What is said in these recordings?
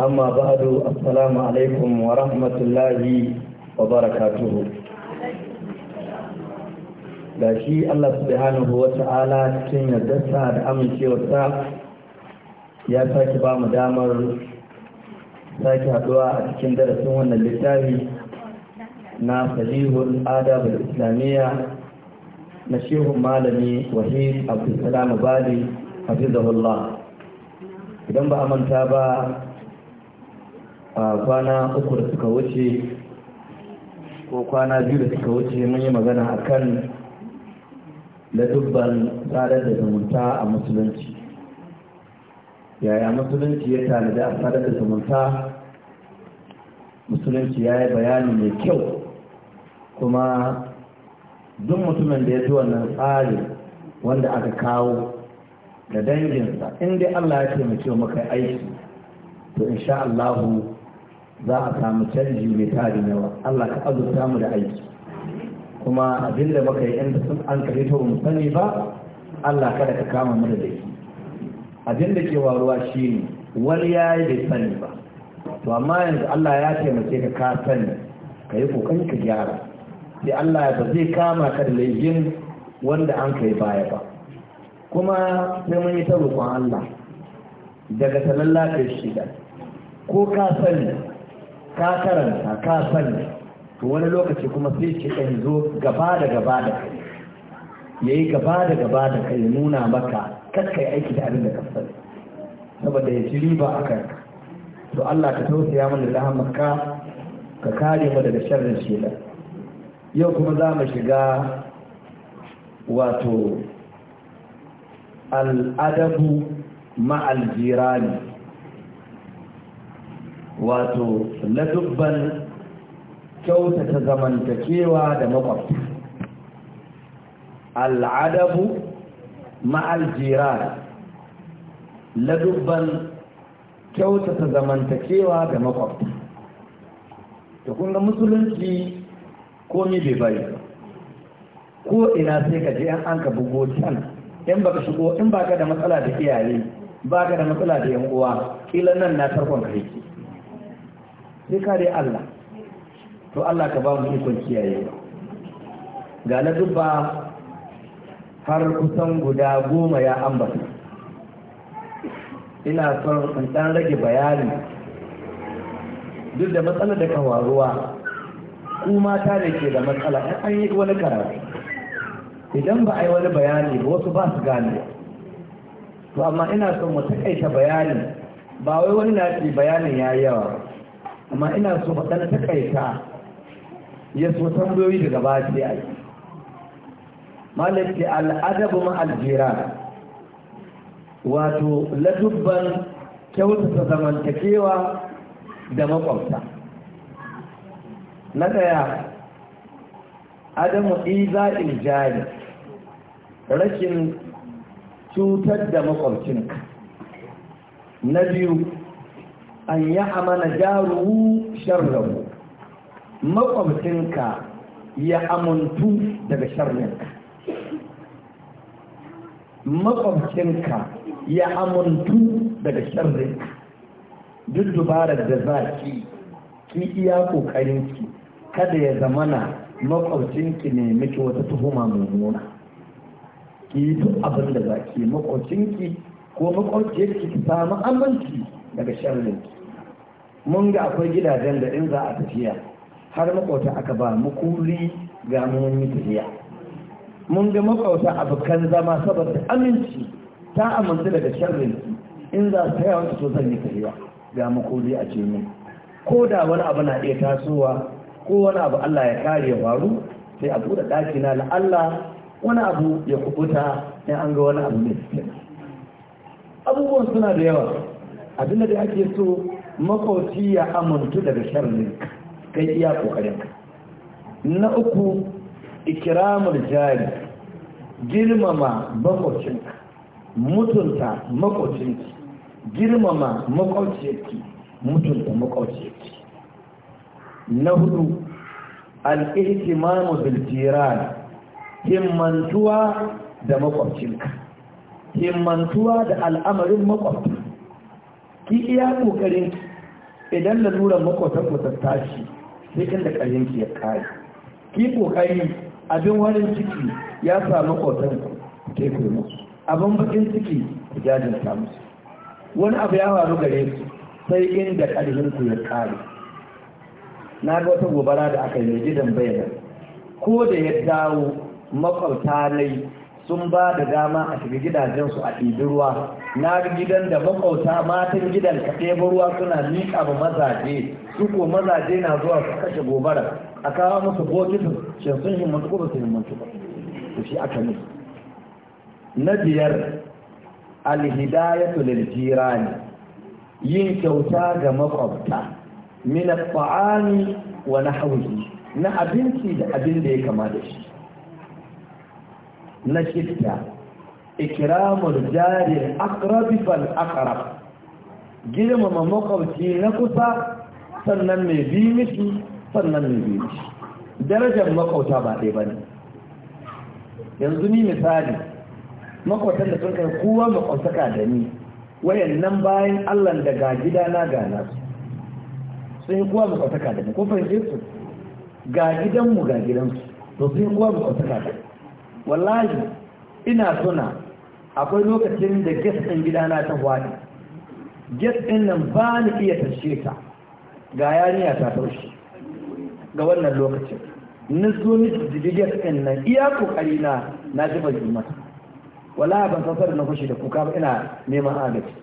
أما بعد السلام wa rahmatullahi wa barakatuhu. da shi Allah subhanahu wa ta'ala cikin yardarsa da amincewarsa ya sake ba mu damar sake haɗuwa a cikin darasin wannan littafi na salihun adabul islamiyya na shehun malami wahid abdulsalam bali hafizahullah idan ba a manta ba kwana uku da suka wuce ko kwana biyu da suka wuce mun yi magana a kan ladubban tsadar da zumunta a musulunci yaya musulunci ya tanadi a tsadar da zumunta musulunci ya yi bayani mai kyau kuma duk mutumin da ya ji wannan tsari wanda aka kawo da danginsa inda Allah ya taimake maka aiki to insha Allahu za a samu canji mai tarin yawa Allah ka azurta mu da aiki kuma abin da muka yi inda sun an kare ta mu sani ba Allah kada ka kama mu da laifi abin da ke waruwa shine wani yayi bai sani ba to amma yanzu Allah ya taimake ka ka sani ka yi ka gyara sai Allah ya zai kama ka da laifin wanda an kai baya ba kuma sai mun yi ta roƙon Allah daga talalla shi shida ko ka sani ka karanta ka sani to wani lokaci kuma sai ce ɗan zo gaba da gaba da kai ya yi gaba da gaba da kai nuna maka kakka yi aiki da abin da ka saboda ya ci riba a kanka to Allah ka tausaya mana da rahamarka ka kare mu daga sharrin shelar yau kuma za mu shiga wato al'adabu ma'aljirani. wato ladubban kyautata zamantakewa da makwabta al'adabu ma'al na ladubban kyautata zamantakewa da makwabta da kunga musulunci komi bai bari ko ina sai ka je an ka bugo can in ka shigo in ba ka da matsala da iyaye ba ka da matsala da yan uwa kila nan na tarkon kai sai kare Allah to Allah ka ba mu ikon kiyaye ga na dubba har kusan guda goma ya ambata ina son in dan rage bayani duk da matsalar da kawaruwa ku mata da ke da matsala in an yi wani karatu idan ba a yi wani bayani ba wasu ba su gane to amma ina son mu takaita bayani ba wai wani na ce bayanin ya yawa amma ina so faɗa ta takaita ya so tambayoyi daga ba a yi. malaki al'adabu ma aljira wato ladubban kyautata zamantakewa da makwabta na ɗaya adamu iza iljari rashin cutar da makwabcinka na biyu an yi amana jaruhu sharrahu makwabcinka ya amuntu daga sharrinka makwabcinka ya amintu daga sharrinka duk dubarar da za ki ki iya ƙoƙarinki kada ya zamana makwabcinki ne miki wata tuhuma mummuna ki yi duk abin da za ki makwabcinki ko makwabciyarki ki samu aminci daga sharrinki mun ga akwai gidajen da in za a tafiya har makwauta aka ba makulli ga mun yi tafiya mun ga makwauta abokan zama saboda aminci ta amince daga sharrin in za su taya wata so zan yi tafiya ga makulli a ce ko da wani abu na iya tasowa ko wani abu Allah ya kare ya faru sai a buɗe ɗaki na Allah wani abu ya kubuta in an ga wani abu ne abubuwan suna da yawa abinda da ake so makoci ya amintu daga sharrin kai iya kokarinka na uku ikiramul jari girmama makocinka mutunta makocinki girmama makwauciyarki mutunta makwauciyarki na hudu al'ihtimamu bil jiran himmantuwa da makwabcinka himmantuwa da al'amarin makwabta ki iya kokarinki idan laluran makwatan ku ta tashi sai da ƙarfin ki ya kare ki kokari abin wani ciki ya sa makwatan ku ke musu abin bakin ciki ku jajanta musu wani abu ya faru gare su sai inda ƙarfin ya kare na ga wata gobara da aka yi gidan bayanan ko da ya dawo makwabta nai sun ba da dama a shiga gidajensu a ɗibi ruwa na gidan da makwauta matan gidan ka ɗebo ruwa suna miƙa ma mazaje su ko mazaje na zuwa su kashe gobara a kawo musu bokitin shi sun himmatu ko ba su himmatu ba to shi aka ne na biyar alhidayatu lil jirani yin kyauta ga makwabta min at-ta'ami wa nahwihi na abinci da abin da ya kama da shi na shidda ikramul jari aqrabi fal aqrab girmama makwabci na kusa sannan mai bi miki sannan mai bi miki darajar makwauta ba ɗaya ba ne. yanzu ni misali makwautan da sun kai kowa makwautaka da ni wayannan bayan allan da ga gidana ga nasu sun yi kowa makwautaka da ni ko fahimce su ga gidanmu ga gidansu to sun yi kowa makwautaka da ni wallahi ina suna akwai lokacin da gas ɗin gidana ta hwani gas ɗin nan ba ni iya tashe ta ga yariya ta taushe ga wannan lokacin na zo ni jigi gas ɗin nan iya kokari na na ji bai mata wallahi ban da na kushe da kuka ba ina neman agaji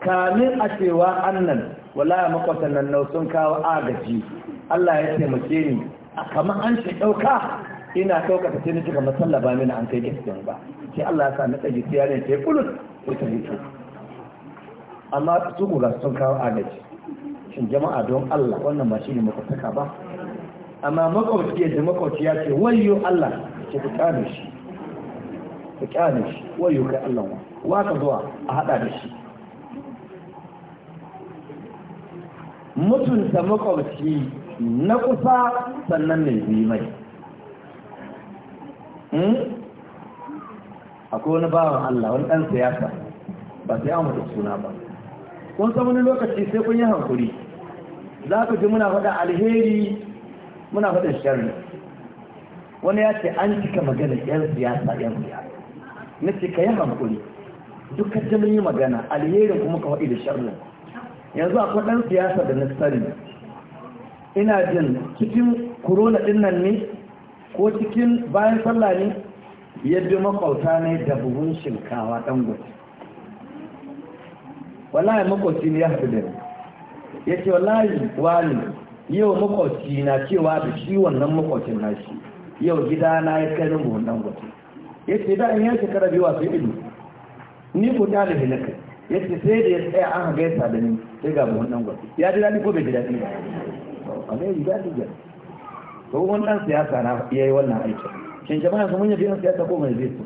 kamin a cewa annan wallahi makwatan nan sun kawo agaji Allah ya taimake ni kamar an shi ɗauka ina saukata sai na cika masalla ba mini an kai gaskiyan ba sai Allah ya sa na tsaji sai yaron sai kulus sai ta hito amma su ga sun kawo agaji shin jama'a don Allah wannan ba shi ne muka saka ba amma makwabci ji makwabci ya ce wayo Allah ce ku kyanu shi ku kyanu shi wayo kai Allah wa ka zuwa a hada da shi mutunta makwabci na kusa sannan mai bi mai Hmm? akwai wani bawan Allah wani ɗan siyasa ba sai amma da suna ba kun san wani lokaci sai kun yi hankuri za ku ji muna faɗa alheri muna faɗa sharri wani ya ce an cika magana ɗan siyasa yan siyasa na ce ka yi hankuri duka jami'in yi magana alherin kuma ka faɗi da sharrin yanzu akwai ɗan siyasa da na sani ina jin cikin kurona ɗin nan ne ko cikin bayan sallah ne yadda makwauta ne da buhun shinkawa ɗan gudu wallahi makwauci ne ya haɗu da ya ce wallahi wani yau makwauci na cewa da shi wannan makwaucin nashi yau gida na ya kai buhun ɗan gudu ya ce da in yan shekara biyu wasu ido ni ku ta da hinaka ya ce sai da ya tsaya an haga ya sa ni sai ga buhun ɗan gudu ya ji daɗi ko bai ji daɗi ba a ya ji daɗi tsohon ɗan siyasa na ya wannan aiki shin jama'a sun yi biyan siyasa ko mai zai su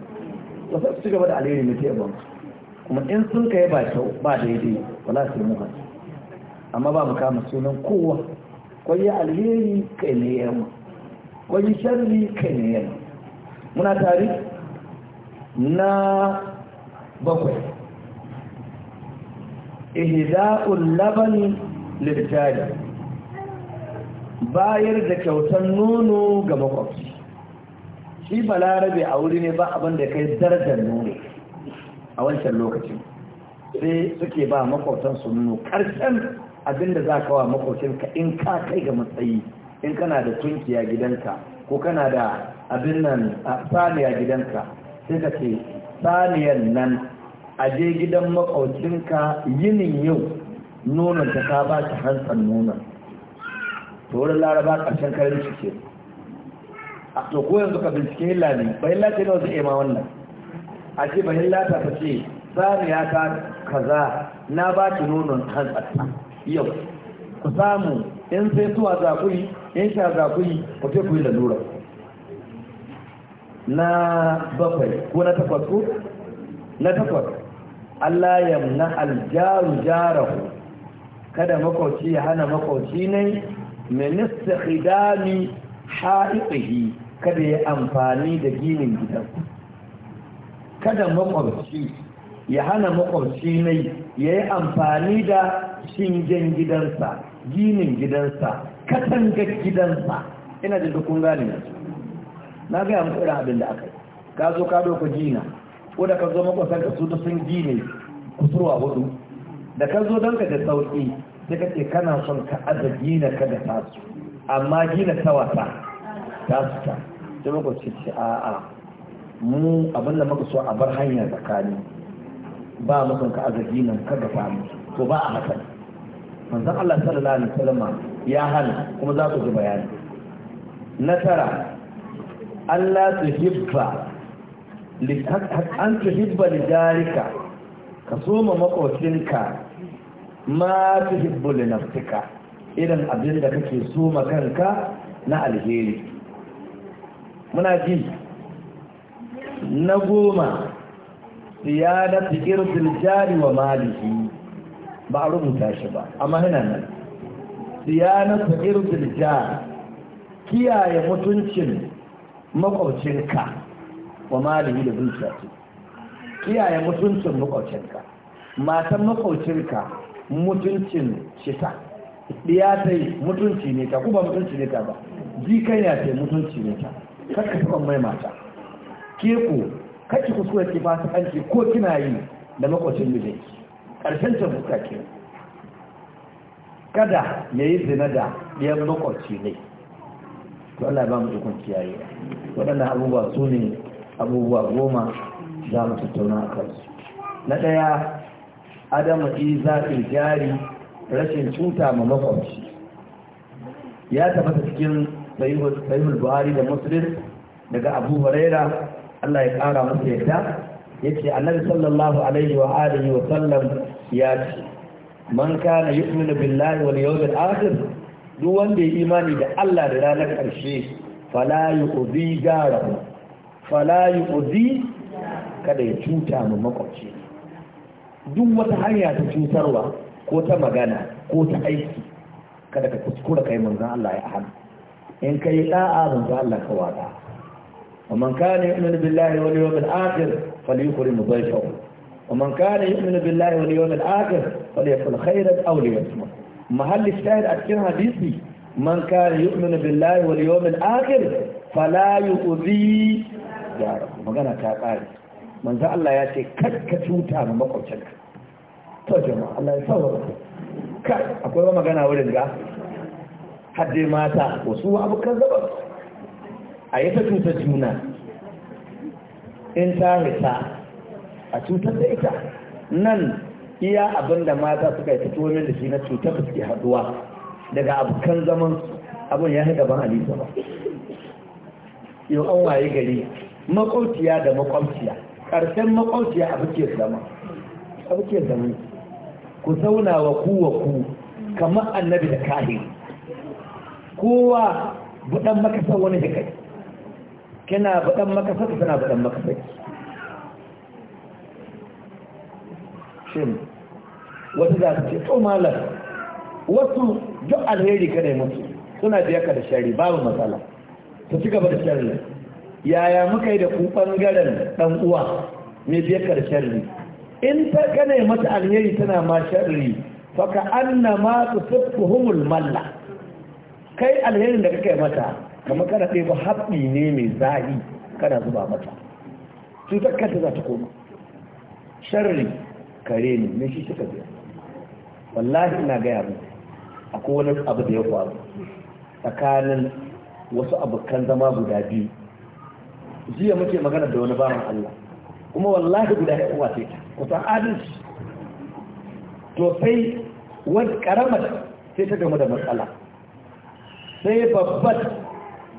to sai su gaba da alheri mai tebon kuma in sun kai ba kyau ba daidai wala su yi muka amma ba mu kama sunan kowa kwai ya alheri kai ne yamma kwai sharri kai ne yamma muna tare na bakwai ihda'ul labani lirjali bayar da kyautar nono ga makwabci shi balarabe a wuri ne ba abinda da kai darajar nono a wancan lokacin sai suke ba makwabtansu nono ƙarshen abinda za ka wa makwabcinka in ka kai ga matsayi in kana da tunkiya gidanka ko kana da abin nan saniya gidanka sai ka ce saniyan nan a je gidan makwabcinka yinin yau nonon ta ka ba ta hantsan nonon to wurin laraba ƙarshen karanci cike a to ko yanzu ka bincike hilla ne bayan lati ne wasu ema wannan a ce bayan lata ta ce ya ta kaza na ba ki nonon hanzarta. yau ku samu in sai suwa zakuri in sha zakuri ku yi ku ce ku yi lalura na bakwai ko na takwas ko na takwas Allah yamna aljaru jarahu kada makwauci ya hana makwauci ne minista Hidami ha'iqihi kada ya amfani da ginin gidan kada makwabci ya hana makwabci mai ya yi amfani da shingen gidansa ginin gidansa katangar gidansa ina da dukkan gane na gaya muku irin abin da aka yi ka zo ka doka gina ko da ka zo makwasan ka su ta sun gine kusurwa hudu da ka zo don ka da sauki sai kace kana son ka aza gina ka da tasu amma gina ta wata tasu ta sai muka ce a'a mu abin da muka so a bar hanya tsakani ba mu son ka aza gina ka da tasu to ba a haka manzon Allah sallallahu alaihi wasallam ya hana kuma za ku ji bayani na tara Allah hibba an tuhibba lijarika ka soma makocinka ma tuhibbu li nafsika irin abin da kake so ma kanka na alheri muna ji na goma siyada irsil jari wa malihi ba a rubuta shi ba amma ina nan siyada irsil jari kiyaye mutuncin makwacinka wa malihi da zuciya kiyaye mutuncin makwacinka matan makwacinka mutuncin shita ɗiya ta yi mutunci ne ta kuma mutunci ne ta ba kai ya ce mutunci ne ta kakka sukan mai mata ke ku kacci da ke fasa kanki ko kina yi da makwacin mijinki ƙarshen can kuka ke kada ya yi zina da ɗiyar makwaci ne to Allah ba mu ikon kiyaye waɗannan abubuwa su ne abubuwa goma za mu tattauna a kansu na ɗaya adama iza jari rashin cuta ma makwabci ya tabbata cikin sahihul buhari da muslim daga abu huraira Allah ya kara masa yadda yace annabi sallallahu alaihi wa alihi wa sallam ya ce man kana yu'minu billahi wal yawmil akhir duk wanda ya imani da Allah da ranar karshe fala yu'dhi jarahu fala yu'dhi kada ya cuta ma makwabci duk wata hanya ta cutarwa ko ta magana ko ta aiki kada ka kuskura kai manzon Allah ya hana in yi da'a manzon Allah ka wada ومن كان يؤمن بالله واليوم الآخر فليكرم ضيفه ومن كان يؤمن بالله واليوم الآخر فليقل خيرا أو ليصمت محل الشاهد أكثر حديثي من كان يؤمن بالله واليوم الآخر فلا يؤذي جاره magana ta ƙare manzo Allah ya ce ka cuta ma makwabcinka to Allah ya saurara kai akwai wa magana wurin ga hadde mata wasu abokan zabar a yi ta cuta juna in ta hita, a cutar da ita nan iya abinda mata suka yi fito min da shi na cutar da suke haduwa daga abokan zaman abin ya haɗa ban alisa ba yau an waye gari makwabciya da makwabciya ƙarshen makwabciya abu ke zama abu ke zama ku zauna wa ku wa ku kamar annabi da kahiri kowa buɗan makasar wani da kai kina buɗan makasar kina buɗan makasar shin wata za ta ce to malam wasu duk alheri kada mutu suna biya ka da shari babu matsala ta ci gaba da shari yaya muka yi da ku bangaren ɗan uwa mai biya ka da shari in ta kane mata alheri tana ma sharri faka anna ma tusiffuhumul malla kai alherin da kake mata kamar kana ba haɓɓi ne mai zahi kana zuba mata cutar kanta za ta koma sharri kare ne ne shi suka biya wallahi ina gaya mu akwai wani abu da ya faru tsakanin wasu abokan zama guda biyu jiya muke magana da wani bawan Allah kuma wallahi guda ya kuwa sai ta kusan adalci to sai wani karamar sai ta gama da matsala sai babbar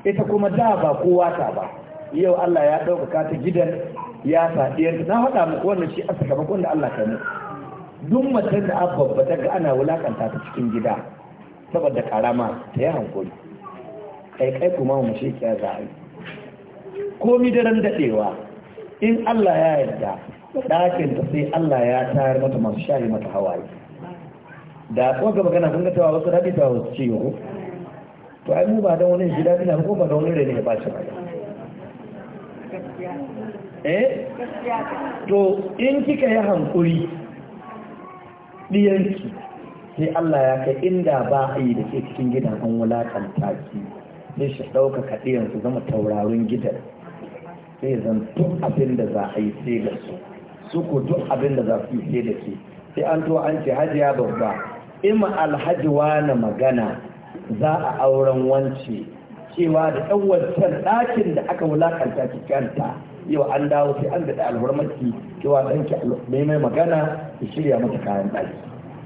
ita kuma da ba kowa ta ba yau Allah ya ɗaukaka ta gidan ya sadiyar na haɗa muku wannan shi a bakon da Allah ta muku duk matar da abba ta ga ana wulakanta ta cikin gida saboda karama ta yi hankali kai kuma mu shi kiyar za'a komi daren daɗewa in Allah ya yarda ɗakin ta sai Allah ya tayar mata masu shari mata hawaye da kuma ga magana sun ga tawa wasu rabi ta wasu ciwo to ai mu ba don wani shi daɗi na ko ba da wani rene ya bace ba eh to in kika yi hankuri diyanki sai Allah ya kai inda ba a yi da ke cikin gidan an wulakanta ki sai shi ɗauka kaɗiyan su zama taurarin gidan sai zan duk abin da za a yi sai ga su su ko duk abin da za su yi da ke sai an to an ce hajiya babba ima alhaji wani magana za a auren wance cewa da ɗan wancan ɗakin da aka wulakanta ki kanta yau an dawo sai an daɗa alhurmarki cewa ki mai mai magana ki shirya mata kayan ɗaki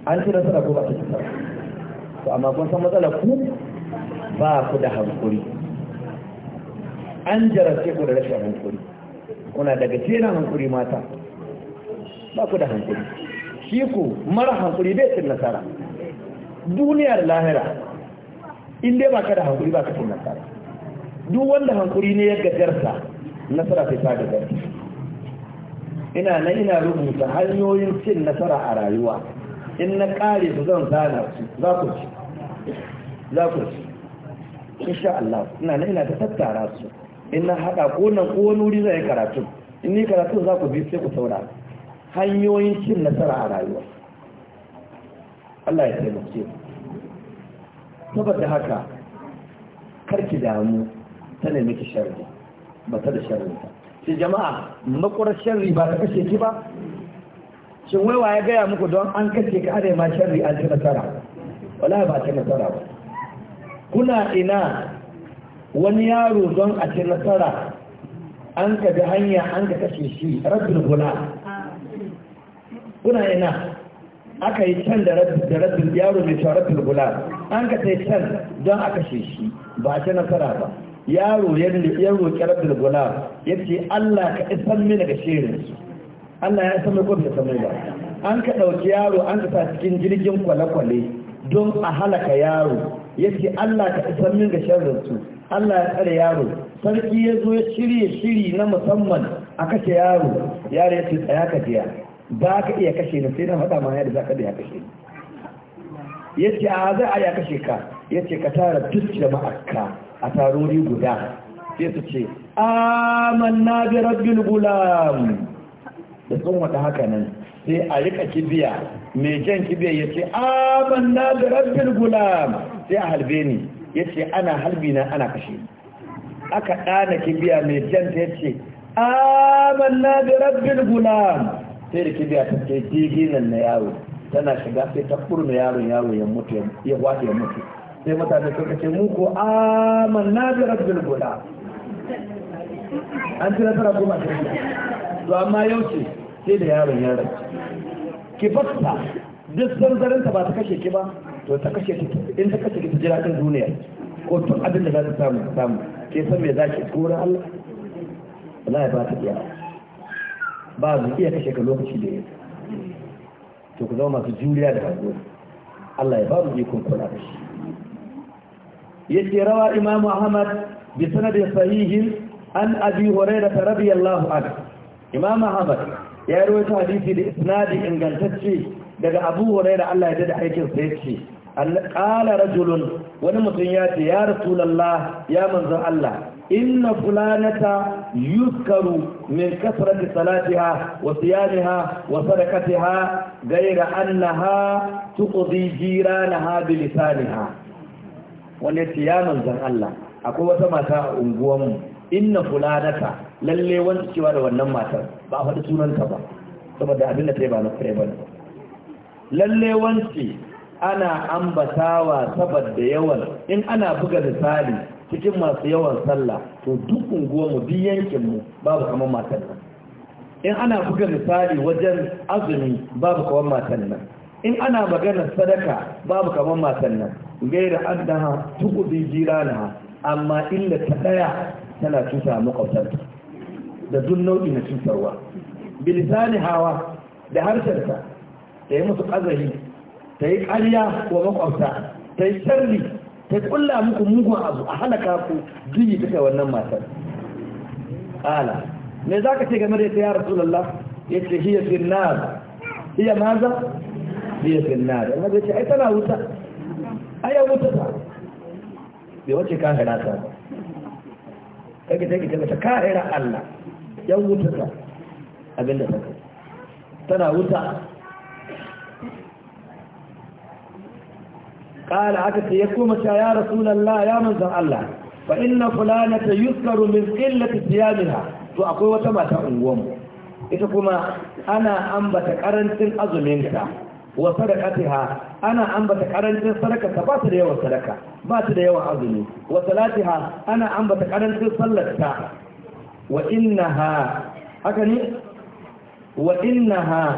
an ci nasara ko ba ta ci to amma kun san matsala ku ba ku da hankuri an jarabce ku da rashin hankuri kuna daga cena hankuri mata ba ku da hankuri shi ku mara hankuri bai cin nasara duniyar lahira in dai baka da hankuri baka cin nasara duk wanda hankuri ne ya gajarta nasara sai ta gajarta ina na ina rubuta hanyoyin cin nasara a rayuwa in na kare su zan zana su za ku ci za ku ci insha Allah ina na ina ta tattara su in na haɗa ko nan ko wani wuri zai karatu in ni karatu za ku bi sai ku saurara hanyoyin cin nasara a rayuwa Allah ya taimake saboda haka karki damu ta ne miki sharri ba ta da sharri ta ce jama'a makwarar sharri ba ta kashe ki ba shin waiwa ya gaya muku don an kashe ka ana ma sharri an ci nasara wala ba ci nasara ba kuna ina wani yaro don a ci nasara an ka ga hanya an ka kashe shi rabin guna kuna ina aka yi can da rabin yaro mai shawarar gula an ka sai can don aka shi shi ba ta nasara ba yaro ya roƙi rabin gula ya ce Allah ka isan mini ga shirin Allah ya isan mai kwanfa sami ba an ka ɗauki yaro an ka sa cikin jirgin kwale-kwale don a halaka yaro ya ce Allah ka isan mini ga shirin su Allah ya tsare yaro sarki ya zo ya shirye shiri na musamman a kashe yaro yaro ya ce tsaya ka jiya ba ka iya kashe ni sai na faɗa ma yadda za ka da kashe ni ya ce a za a ya kashe ka ya ce ka tara duk jama'ar ka a tarori guda sai su ce na bi rabbil gulam da sun wata haka nan sai a rika kibiya mai jan kibiya ya ce na bi rabbil gulam sai a halbe ni ya ce ana halbi na ana kashe aka ɗana kibiya mai jan ta ya ce na bi rabbil gulam sai da kibiya ta ke jiginan na yaro tana shiga sai ta kurna yaron yaro ya mutu ya wace ya mutu sai mutane sun kace mu ko na bi rabbil guda?" an tira tara goma ta to amma yau ce sai da yaron ya rabu ki fasta duk zanzarin ta ba ta kashe ki ba to ta kashe ki in ta kashe ki ta jira kan duniya ko to abin da za ta samu samu ke san me zaki kora Allah Allah ya ba ta biya. ba su iya kashe ka lokaci da yadda. to ku zama masu juriya da hazo Allah ya ba mu ikon kula da shi yace rawa imamu ahmad bi sanadin sahihin an abi hurairah radiyallahu anhu imam ahmad ya rawaita hadisi da isnadi ingantacce daga abu hurairah Allah ya dada aikin sa yace qala rajulun wani mutum ya ce ya rasulullah ya manzon Allah inna fulanata yuskaru min kasrati salatiha wa siyamiha wa sadaqatiha ghayra annaha tuqdi jiranaha bi lisaniha wanda tiyaman zan Allah akwai wata mata a unguwanmu. inna fulanata lalle wanda cewa da wannan matar ba a faɗi sunanta ba saboda abin da ta yi ba na kare ba lalle wanci ana ambatawa saboda yawan in ana buga misali cikin masu yawan sallah to duk unguwarmu duk yankinmu babu kamar matan nan in ana buga misali wajen azumi babu kamar matan nan in ana maganar sadaka babu kamar matan nan gaira annaha tuqdi jiranaha amma illa ta daya tana tusa makwabtanta da duk nau'i na cutarwa bilisani hawa da harshen ta yi musu kazahi ta yi ƙarya wa makwabta ta yi sharri ta kulla muku mugun abu a halaka ku jiyi ta wannan matar ala me za ka ce game da ita ya rasulallah ya ce hiya finnar hiya maza hiya finnar yana zai ce ai tana wuta ai ya wuta ta bai wace ka hira ta ba kake take ta mata ka hira Allah ya wuta ta abinda ta tana wuta قال أكت يقوم يا رسول الله يا منزل الله فإن فلانة يذكر من قلة ثيابها فأقول وتما تأوم إتكما أنا أنبت كرنت أظلمك وصدقتها أنا أنبت كرنت صدقة بات ليوى صدقة بات ليوى أظلم وصلاتها أنا أنبت كرنت صلتها وإنها أكني وإنها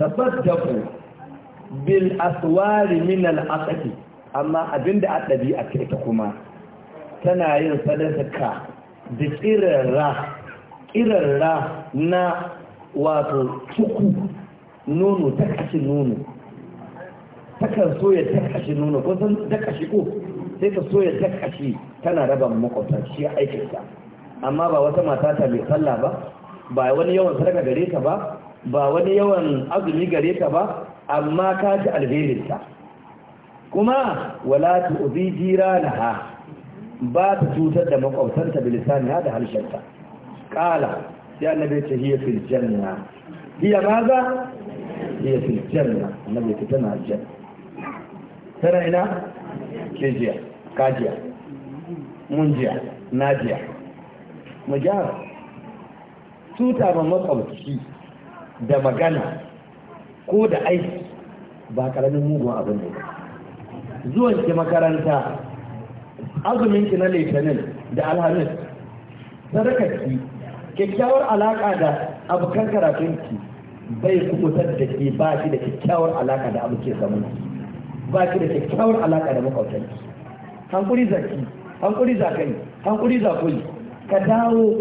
تصدق بالأسوار من الأسكي amma abinda a ɗabi'a ta ita kuma tana yin sadaka da ƙirarra ƙirarra na wato cuku nono ta kashi nono takan soya ta kashi nono ko san ta kashi ko sai ka soya ta kashi tana raba makwabta shi aikinta amma ba wata mata ta mai sallah ba ba wani yawan sadaka gare ta ba ba wani yawan azumi gare ta ba amma ka ji alherinta kuma wala tu'zi jiranaha ba ta cutar da makwabtanta bilisaniha da harshenta qala sai annabi ya ce hiya fil janna hiya maza hiya fil janna annabi ta tana janna tana ina kejiya kajiya munjiya najiya mu gyara tuta ma makwabci da magana ko da aiki ba karamin mugun abin ne ba zuwan ki makaranta azumin ki na litinin da alhamis ki, kyakkyawar alaka da abokan karatun ki bai kubutar da ke ba shi da kyakkyawar alaka da abokin zaman ba shi da kyakkyawar alaka da ki hankuri zaki hankuri zakai hankuri zakuli ka dawo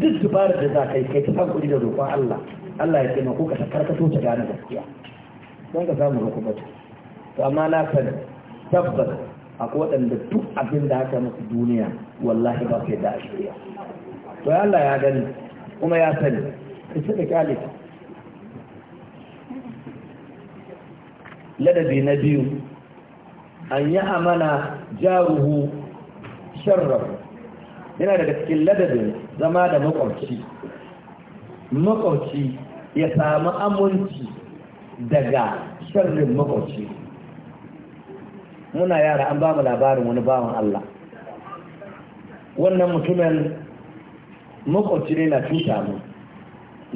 duk dubarar da za ka yi kai ta hankuri da roƙon Allah Allah ya taimako ka ta karkato ta gane gaskiya don ka samu hukumata to amma na sani tabbas akwai waɗanda duk abin da aka musu duniya wallahi ba kai da ashiriya to to Allah ya gani kuma ya sani isa da kyale ladabi na biyu an yi amana jaruhu sharrafu yana daga cikin ladabin zama da makwabci makwabci ya samu aminci daga sharrin makwabci muna yara an ba mu labarin wani bawan Allah wannan mutumin makwabci ne na tuta mu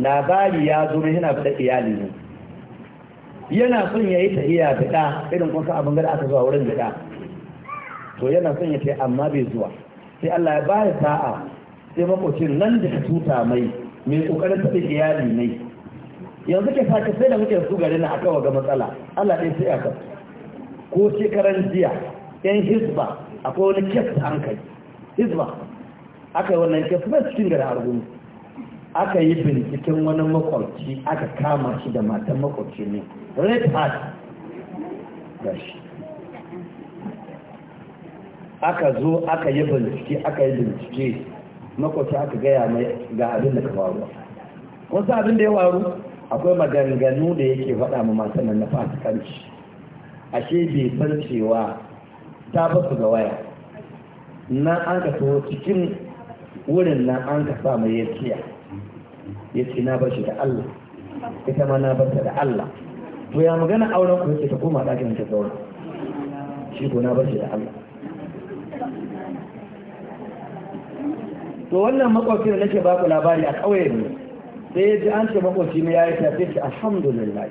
labari ya zo yana fita iyali ne yana son ya yi tahiya fita irin kusa abin gada aka zuwa wurin fita to yana son ya ce amma bai zuwa sai Allah ya ba sa'a sai makwabcin nan da ka tuta mai mai kokarin fita iyali ne yanzu ke sake sai da muke su gari na aka waga matsala Allah ɗaya sai aka ko shekaran jiya yan hisba akwai wani kes an kai hisba aka yi wannan kes na cikin gari argungu aka yi binciken wani makwabci aka kama shi da matan makwabci ne red hat gashi aka zo aka yi bincike aka yi bincike makwabci aka gaya mai ga abin da ka faru wasu abin da ya faru akwai maganganu da yake faɗa ma matan nan na fasikanci ashe bai san cewa ta basu ga waya na an ka so cikin wurin nan an ka sa mai yaciya ya ce na bar shi da Allah ita ma na bar ta da Allah to ya magana auren ku yake ta koma dakin ta zauna shi ko na bar shi da Allah to wannan makwabci da nake baku labari a kauye ne sai ya ji an ce makwabci ne ya yi tafiya alhamdulillah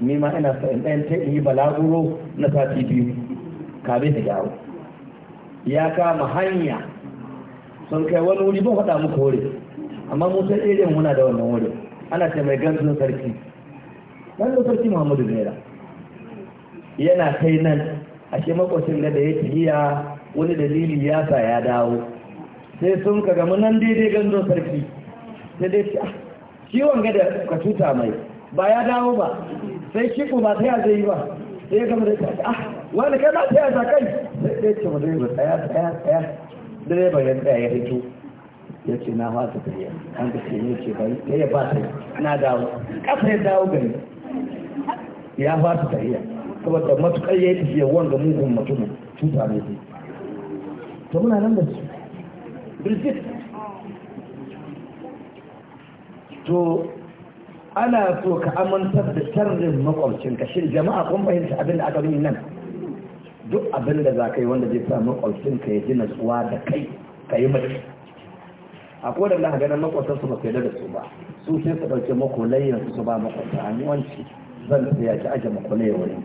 ni ma ina sa in ɗayan ta in yi balaguro na sati biyu kabe ta gyaru ya kama hanya sun kai wani wuri ban faɗa muku wuri amma mu san irin muna da wannan wuri ana ce mai gansun sarki gansun sarki muhammadu naira yana kai nan ashe makwacin da ya tafiya wani dalili ya sa ya dawo sai sun ka gamu nan daidai gandun sarki sai dai ah, ciwon gada ka cuta mai ba ya dawo ba sai shi ko ba ta yaje yi ba sai gama da ta ah wani kai ba ta yaje kai sai dai ce ba dai ba tsaya tsaya tsaya dai ba yan tsaya ya fito ya ce na fasa tafiya an ka ce ne ce bari sai ya ba ta na dawo kasa ya dawo gari ya fasa tafiya saboda matukar ya yi tafiya wanda mugun mutumin cuta ne sai to muna nan da su Brigitte to ana so ka amintar da sharrin ka shi jama'a kun fahimta abin da aka yi nan duk abin da za ka yi wanda zai sa ka ya ji natsuwa da kai ka yi mace a ko da Allah ga nan makwabtansu ba kai da su ba su sai su ɗauke makulayyan su ba makwabta an wanci zan tsaya ki aje makulayya wurin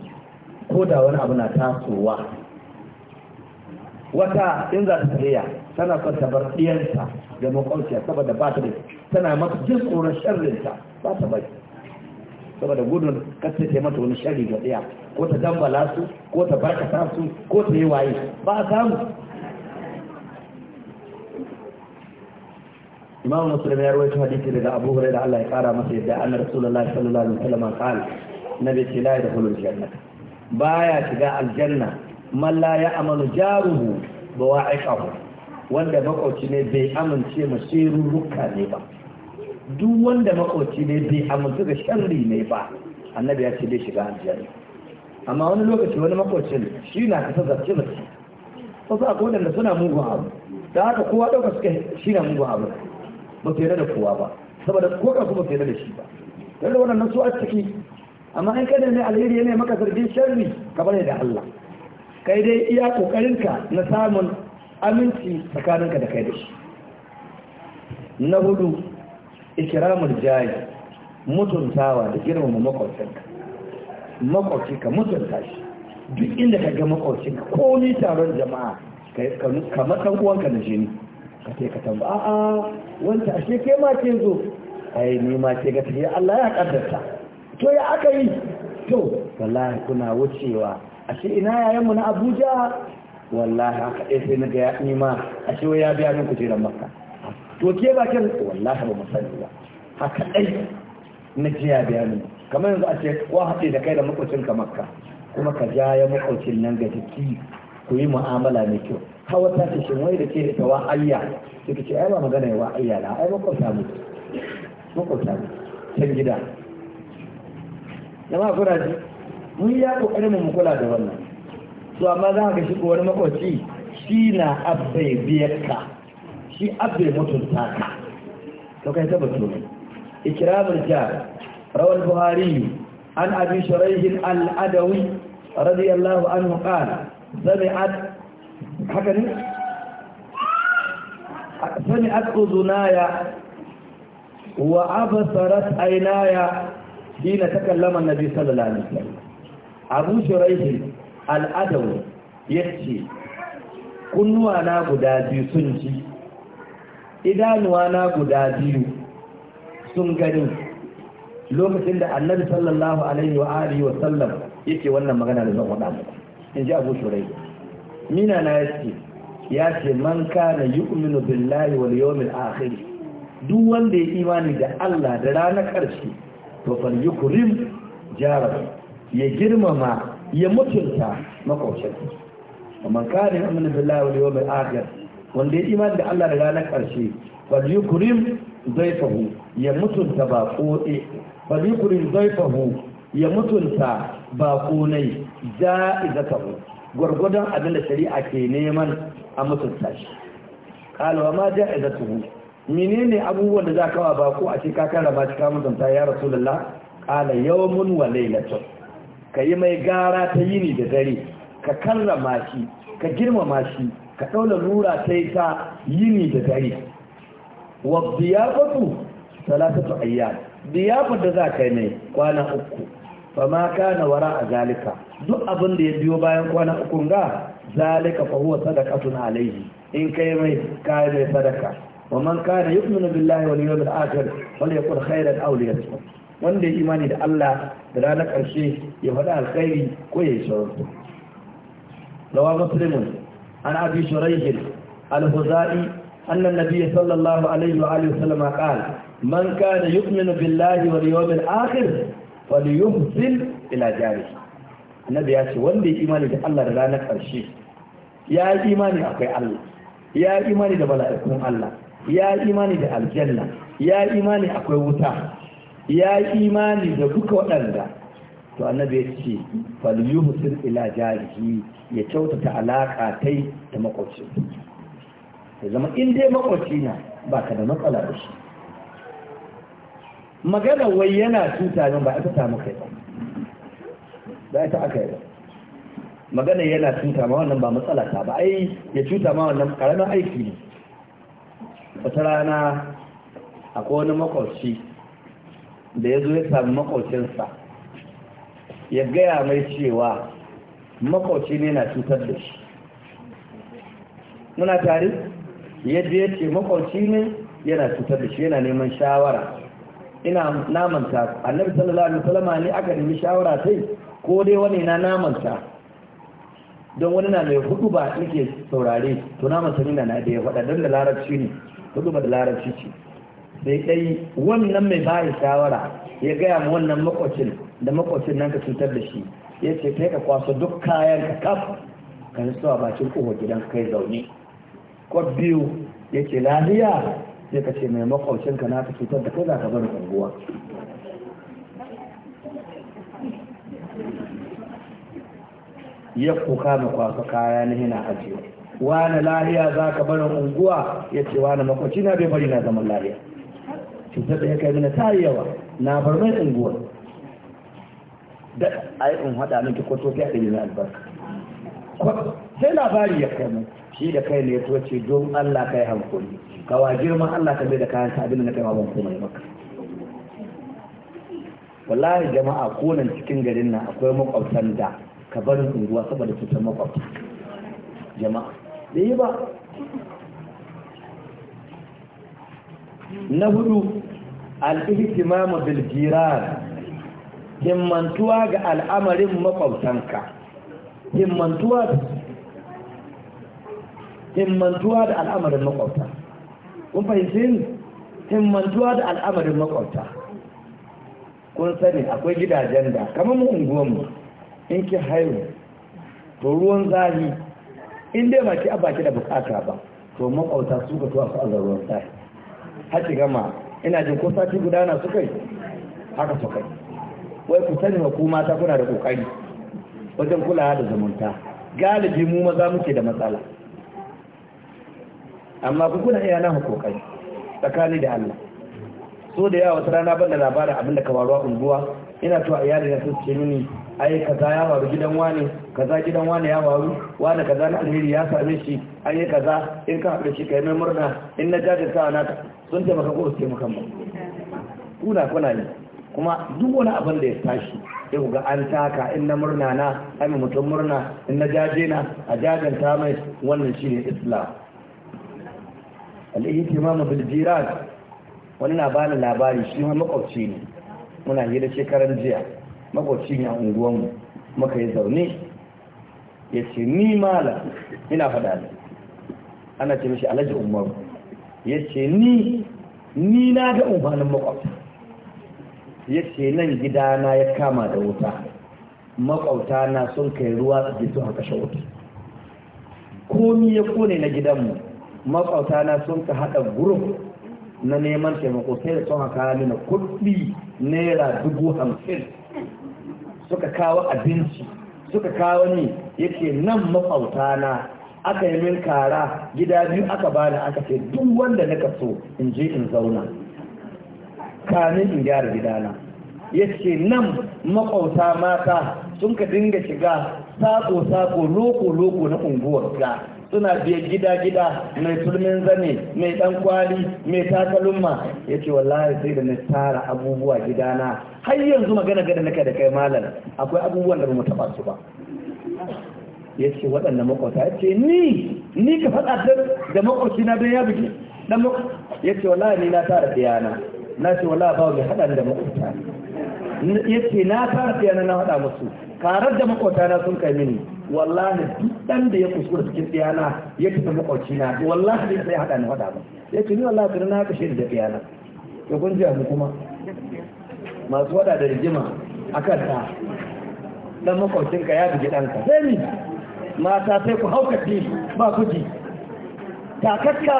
ko da wani abu na tasowa wata in za ta tsaya tana son ta bar ɗiyarta da makwabciya saboda ba ta da tana masa jin tsoron sharrinta ba ta bari saboda gudun kasta ce mata wani shari ga ɗaya ko ta zambala su ko ta barkata su ko ta yi waye ba a samu imamu muslim ya ta hadisi daga abu da Allah ya kara masa yadda anna rasulullahi sallallahu alaihi wasallam na bai ce la yadkhulu Ba baya shiga aljanna malla ya amanu jaruhu ba wa bawa'iqahu wanda makwauci ne bai amince ma rurruka ne ba duk wanda makoci ne bai amintu ga sharri ne ba annabi ya ce bai shiga aljanna amma wani lokaci wani makocin shi na kasa zarce zarce wasu akwai wadanda suna mugun abu da haka kowa ɗauka suka shi na mugun abu ba su yana da kowa ba saboda ko ka kuma su da shi ba don da waɗannan su a ciki amma in kada ne alheri yana maka zargin sharri ka bane da Allah kai dai iya kokarinka na samun aminci tsakaninka da kai da shi na hudu Ikiramun jayi mutuntawa da girmama makwabcinka ka mutunta shi duk inda ka ga makwabcinka ko ni taron jama'a ka matsan uwanka na jini ka ce ka tamba a'a wanda ashe ke ma ke zo ai ni ma ce ga tafiya Allah ya kaddarta to ya aka yi to wallahi kuna wucewa ashe ina mu na Abuja wallahi haka ɗaya sai na ga ya nima ashe ya biya min kujerar Makka to ke ba kin wallahi ba mu ba haka dai na jiya bayani kamar yanzu a ce wa haɗe da kai da makwacin ka makka kuma ka ja ya makwacin nan ga jiki ku yi mu'amala mai kyau ka ta ce shin wai da ke da wa ayya sai ce ai ba magana ya wa ayya la ai makwabta mu makwabta mu can gida jama'a kuna ji mun ya kokarin mu kula da wannan to amma za ka shigo wani makwabci shi na abbai biyar ka shi abin mutunta ka to kai ta batu ne ikramul jar rawal buhari an abi shuraih al-adawi radiyallahu anhu qala sami'at haka ne sami'at uzunaya wa absarat aynaya hina takallama an-nabi sallallahu alaihi wasallam abu shuraih al-adawi yace kunnuwa na guda biyu sun ji idanuwa na guda biyu sun gani lokacin da annabi sallallahu alaihi wa alihi wa sallam yake wannan magana da zan faɗa muku in ji abu Shuraih mina na yace ya ce man kana yu'minu billahi wal yawmil akhir duk wanda ya imani da Allah da ranar ƙarshe to fal yukrim jarab ya girmama ya mutunta makaucinsa man kana yu'minu billahi wal yawmil akhir wanda ya imani da Allah da ranar ƙarshe fali zai fahu ya mutunta ƙoɗe fali zai fahu ya mutunta a nai ja'izatahu gwargwadon abin da shari'a ke neman a mutunta shi ƙalawa ma ja'izatuhu menene abubuwan da za kawa baƙo a cikin kan rama cika mutunta ya rasulullah kala yawmun wa lailatun ka yi mai gara ta yini da dare ka karrama shi ka girmama shi ka ɗaula lura ta yi ta yini da dare wa biyafatu talatatu ayyam biyafar da za ka yi ne kwana uku fa ma kana wara a zalika duk abin da ya biyo bayan kwana uku ga zalika fa huwa sadaqatun alaihi. in kai mai kai mai sadaka wa man kana yu'minu billahi wal yawmil akhir aw wanda ya imani da Allah da ranar ƙarshe ya faɗa alkhairi ko ya yi sauransu. Rawa Muslimun عن أبي شريح الهزائي أن النبي صلى الله عليه وآله وسلم قال من كان يؤمن بالله واليوم الآخر فليحسن إلى جاره annabi ya ce wanda ya imani da Allah da ranar ƙarshe ya yi imani akwai Allah ya yi imani da mala'ikun Allah ya yi imani da aljanna ya yi imani akwai wuta ya yi imani da duka waɗanda to annabi ya ce faliyu musul ila jarihi ya kyautata alaƙa tai da makwacin ya zama in dai makwaci na ba ka da matsala da shi magana wai yana cuta nan ba ita ta maka ba ba ita aka yi ba magana yana cuta ma wannan ba matsala ta ba ai ya cuta ma wannan karamin aiki ne wata rana akwai wani makwaci da ya zo ya sami makwacinsa ya gaya mai cewa makwauci ne na cutar da shi muna tare yadda ya ce makwauci ne yana cutar da shi yana neman shawara ina namanta annabi sallallahu alaihi wasallam ne aka nemi shawara sai ko dai wani na namanta don wani na mai hudu ba yake saurare to na ni na da ya faɗa don da larabci ne hudu ba da larabci ce sai dai wannan mai bayar shawara ya gaya ma wannan makwacin da makwacin nan ka cutar da shi ya ce kai ka kwaso duk kayan ka kaf ka rasu a bakin kowa gidan kai zaune ko biyu ya ce lafiya sai ka ce mai makwacin ka naka cutar da kai za ka bar unguwa ya kuka da kwaso kaya na hina ajiyo wani lahiya za ka barin unguwa ya ce wani makwaci na bai bari na zaman lahiya cutar da ya kai mina ta yawa na bar mai unguwa. da ai in hada miki kwato a ɗari na albarka sai labari ya kai mu shi da kai ne ya ce don Allah kai hankali ka wa girman Allah ka bai da kayan sabi na kai ma ban komai maka wallahi jama'a konan cikin garin nan akwai makwabtan da ka barin unguwa saboda cutar makwabta jama'a da yi ba na hudu al-ihtimamu bil himmantuwa ga al'amarin maƙwabtanka himmantuwa himmantuwa da al'amarin maƙwabta kun fahimci ni himmantuwa da al'amarin maƙwabta kun sani akwai gidajen da kamar mu unguwanmu in ki haihu to ruwan zahi in dai baki a baki da bukata ba to maƙwabta su ka tuwa su a ruwan zahi har gama ina jin ko sati gudana su kai haka su kai wai ku sani ma ku mata kuna da kokari wajen kulawa da zamanta, galibi mu maza muke da matsala amma ku kuna iya nan kokari tsakani da Allah so da yawa wata rana ban da labarin abinda ka faruwa unguwa ina to a yari na sun ce mini ai kaza ya faru gidan wane kaza gidan wane ya faru wane kaza na alheri ya same shi an yi kaza in ka haɗu shi ka yi mai murna in na jajirta a naka sun taimaka ko su taimaka ba kuna kuna ne kuma duk wani abin da ya tashi ya ga an taka in na murna na ami mutum murna in na jaje na a jajanta mai wannan shi ne islam al'ihin ihtimam bil jiran wani na bani labari shi ma makwabci ne muna hira shekaran jiya makwabci ne a unguwanmu muka yi zaune ya ce ni mala ina faɗa ne ana ce mishi alhaji umaru ya ce ni ni na ga umarnin makwabta ya ce nan gidana ya kama da wuta makauta na sun kai ruwa su ji a kashe wuta komi ya kone na gidanmu makauta na sun ka haɗa gurum na neman taimako sai da sun haka na kuɗi naira dubu hamsin suka kawo abinci suka kawo ni yake nan makauta na aka yi min kara gida biyu aka bani aka ce duk wanda na so in je in zauna kamin in gyara gidana ya ce nan makwauta mata sun ka dinga shiga sako-sako loko-loko na unguwar ga suna biya gida-gida mai turmin zane mai dan kwali mai takalumma ya ce wallahi sai da na tara abubuwa gidana har yanzu magana gada nake da kai malam akwai abubuwan da ba mu taba su ba ya ce waɗanda makwauta ya ce ni ni ka faɗa da makwauci na don ya buge ya ce wallahi ni na tara tsayana na ce wala ba mai hada da makwabta ce na fara tsayana na hada musu karar da makwabta na sun kai mini wallahi duk dan da ya kusura cikin tsayana ya tafi makwabci na wallahi sai hada na hada ba ce ni wallahi kana na kashe da tsayana ya kun jiya mu kuma masu wada da rigima kan ta dan makwabcinka ya bugi danka sai ni mata sai ku haukaci ba kuji takakka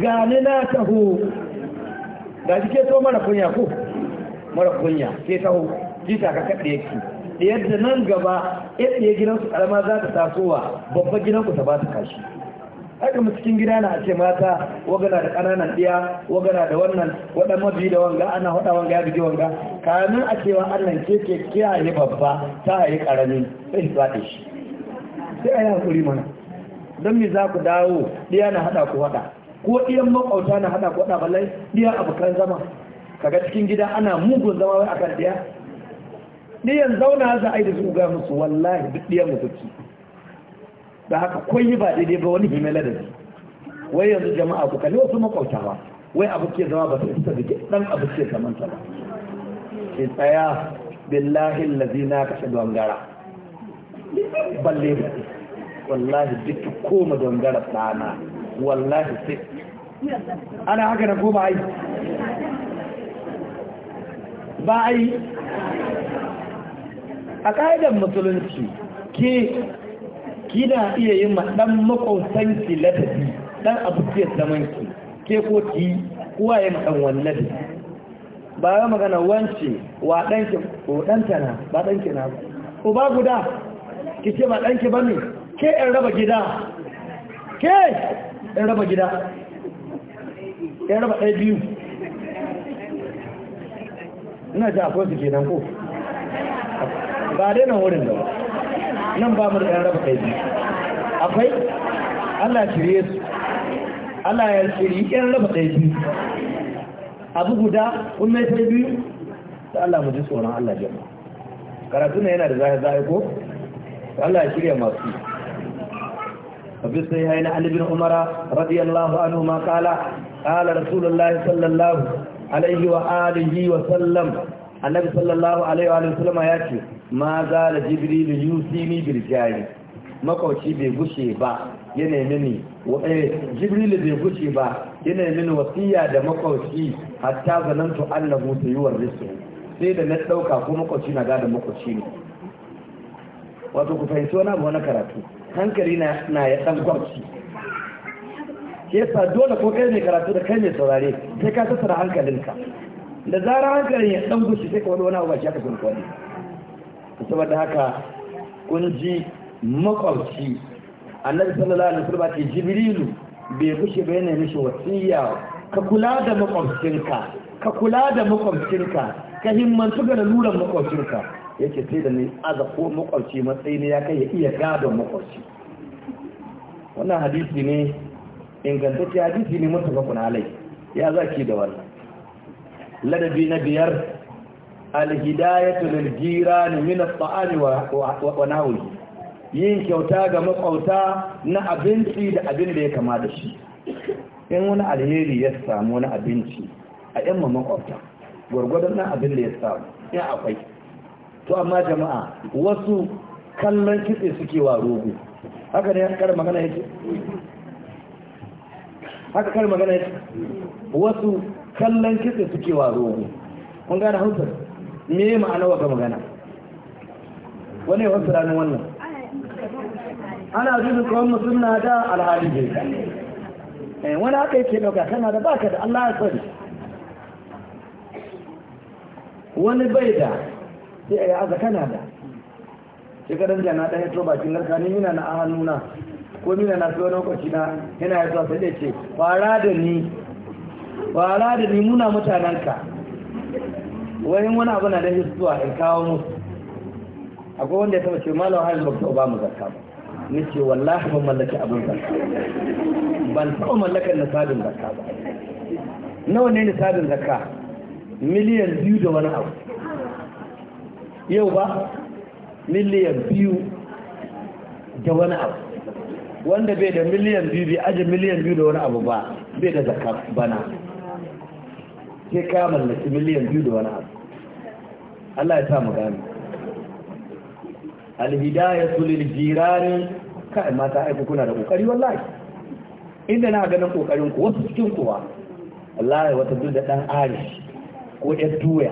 gane na taho ga shi ke so mara kunya ko mara kunya ke taho jita ka kaɗe yake yadda nan gaba yadda gidansu ƙarama za ta tasowa babban gidanku ta ba ta kashi haka mu cikin gida na ce mata wagana da ƙananan ɗiya wagana da wannan waɗan mabi da wanga ana haɗa wanga ya bigi wanga kamin a cewa allah ke ke kiyaye babba ta yi ƙarami sai su faɗe shi sai a yi haƙuri mana don me za ku dawo ɗiya na haɗa ku haɗa ko ɗiyan makauta na hada ko ɗabalai ɗiyan abokan zama kaga cikin gida ana mugun zama wai akan ɗiya ɗiyan zauna za a yi da su ga musu wallahi duk ɗiyan mutuki da haka koyi ba daidai ba wani himela da wai yanzu jama'a ku kalli wasu makauta ba wai abu ke zama ba su isa da ɗan abu ke zamanta ba ke tsaya billahi lazi na kashe dongara balle wallahi duk koma dongara tsana wallahi sai ana haka na ko ba ai ba ai a ƙa'idar musulunci ke kina iya yin maɗan makwautanki ladabi ɗan abokiyar zamanki ke ko ki kuwa yin ɗan wallabi ba ya magana wance wa ɗanki ko ɗanta na ba ki na ko ba guda ki ce ba ki ba ne ke in raba gida ke ɗan raba gida ɗan raba ɗaya biyu ina ji akwai su nan ko ba dai nan wurin da nan ba mu da ɗan raba ɗaya biyu akwai allah shirye su allah ya shirye ɗan raba ɗaya biyu abu guda kun mai sai biyu da allah mu ji tsoron allah jama'a karatu na yana da zai zai ko Allah ya shirya masu وفي الصحيحين عن ابن عمر رضي الله عنهما قال قال رسول الله صلى الله عليه وآله وسلم النبي صلى الله عليه وآله وسلم يأتي ما زال جبريل يوسيني برجالي ما bai بيغشي با yana mini jibril bai gushe ba yana mini wasiya da makauci hatta zanantu yi wa risu sai da na dauka ko makauci na ga da makauci ne wato ku fahimci wani abu wani karatu hankali na na ya dan ke yasa dole ko kai ne karatu da kai mai saurare sai ka tattara hankalinka da zarar hankalin ya san gushi sai ka wani wani abu ba shi aka saboda haka kun ji makwabci annabi sallallahu alaihi wasallam ce jibrilu bai kushe bai ne mishi wasiya ka kula da makwabcinka ka kula da makwabcinka ka himmantu ga laluran makwabcinka yake sai da ni aza ko makwarci matsayi ne ya kai ya iya gadon makwarci wannan hadisi ne ingantacce hadisi ne kuna alai ya zaki da wannan ladabi na biyar alhidayatu lil jiran min at-ta'ami wa nahwi yin kyauta ga makwauta na abinci da abin da ya kama da shi in wani alheri ya samu wani abinci a yamma makwauta gwargwadon na abin da ya samu ya akwai to amma jama'a wasu kallon kitse suke wa rogo haka ne kar magana yake haka kar magana yake wasu kallon kitse suke wa rogo kun gane hausa me ma'ana wata magana wani ya wasu ranar wannan ana jibin kawon musulun na da alhali bai eh, wani haka yake dauka kana da baka da allah ya sani wani bai da sai a yi aza kana da kadan jana ɗaya to bakin garka ni mina na a hannuna ko mina na sai wani lokaci na yana ya zuwa sai da ce fara da ni fara da ni muna mutanenka wani wani abu na da zuwa in kawo musu akwai wanda ya taba ce malawa hajji ba ku ba mu zakka ba ni ce wallahi ban mallaki abin zakka ban taɓa mallakar nisabin zakka ba nawa ne nisabin zakka miliyan biyu da wani abu yau ba miliyan biyu da wani abu wanda bai da miliyan biyu bai aji miliyan biyu da wani abu ba bai da zaka bana sai da mallaki miliyan biyu da wani abu Allah ya sa mu gani alhidaya lil jirani kai mata aiki kuna da kokari wallahi inda na ganin kokarin ku wasu cikin kuwa wallahi wata duk da dan arish ko yar tuya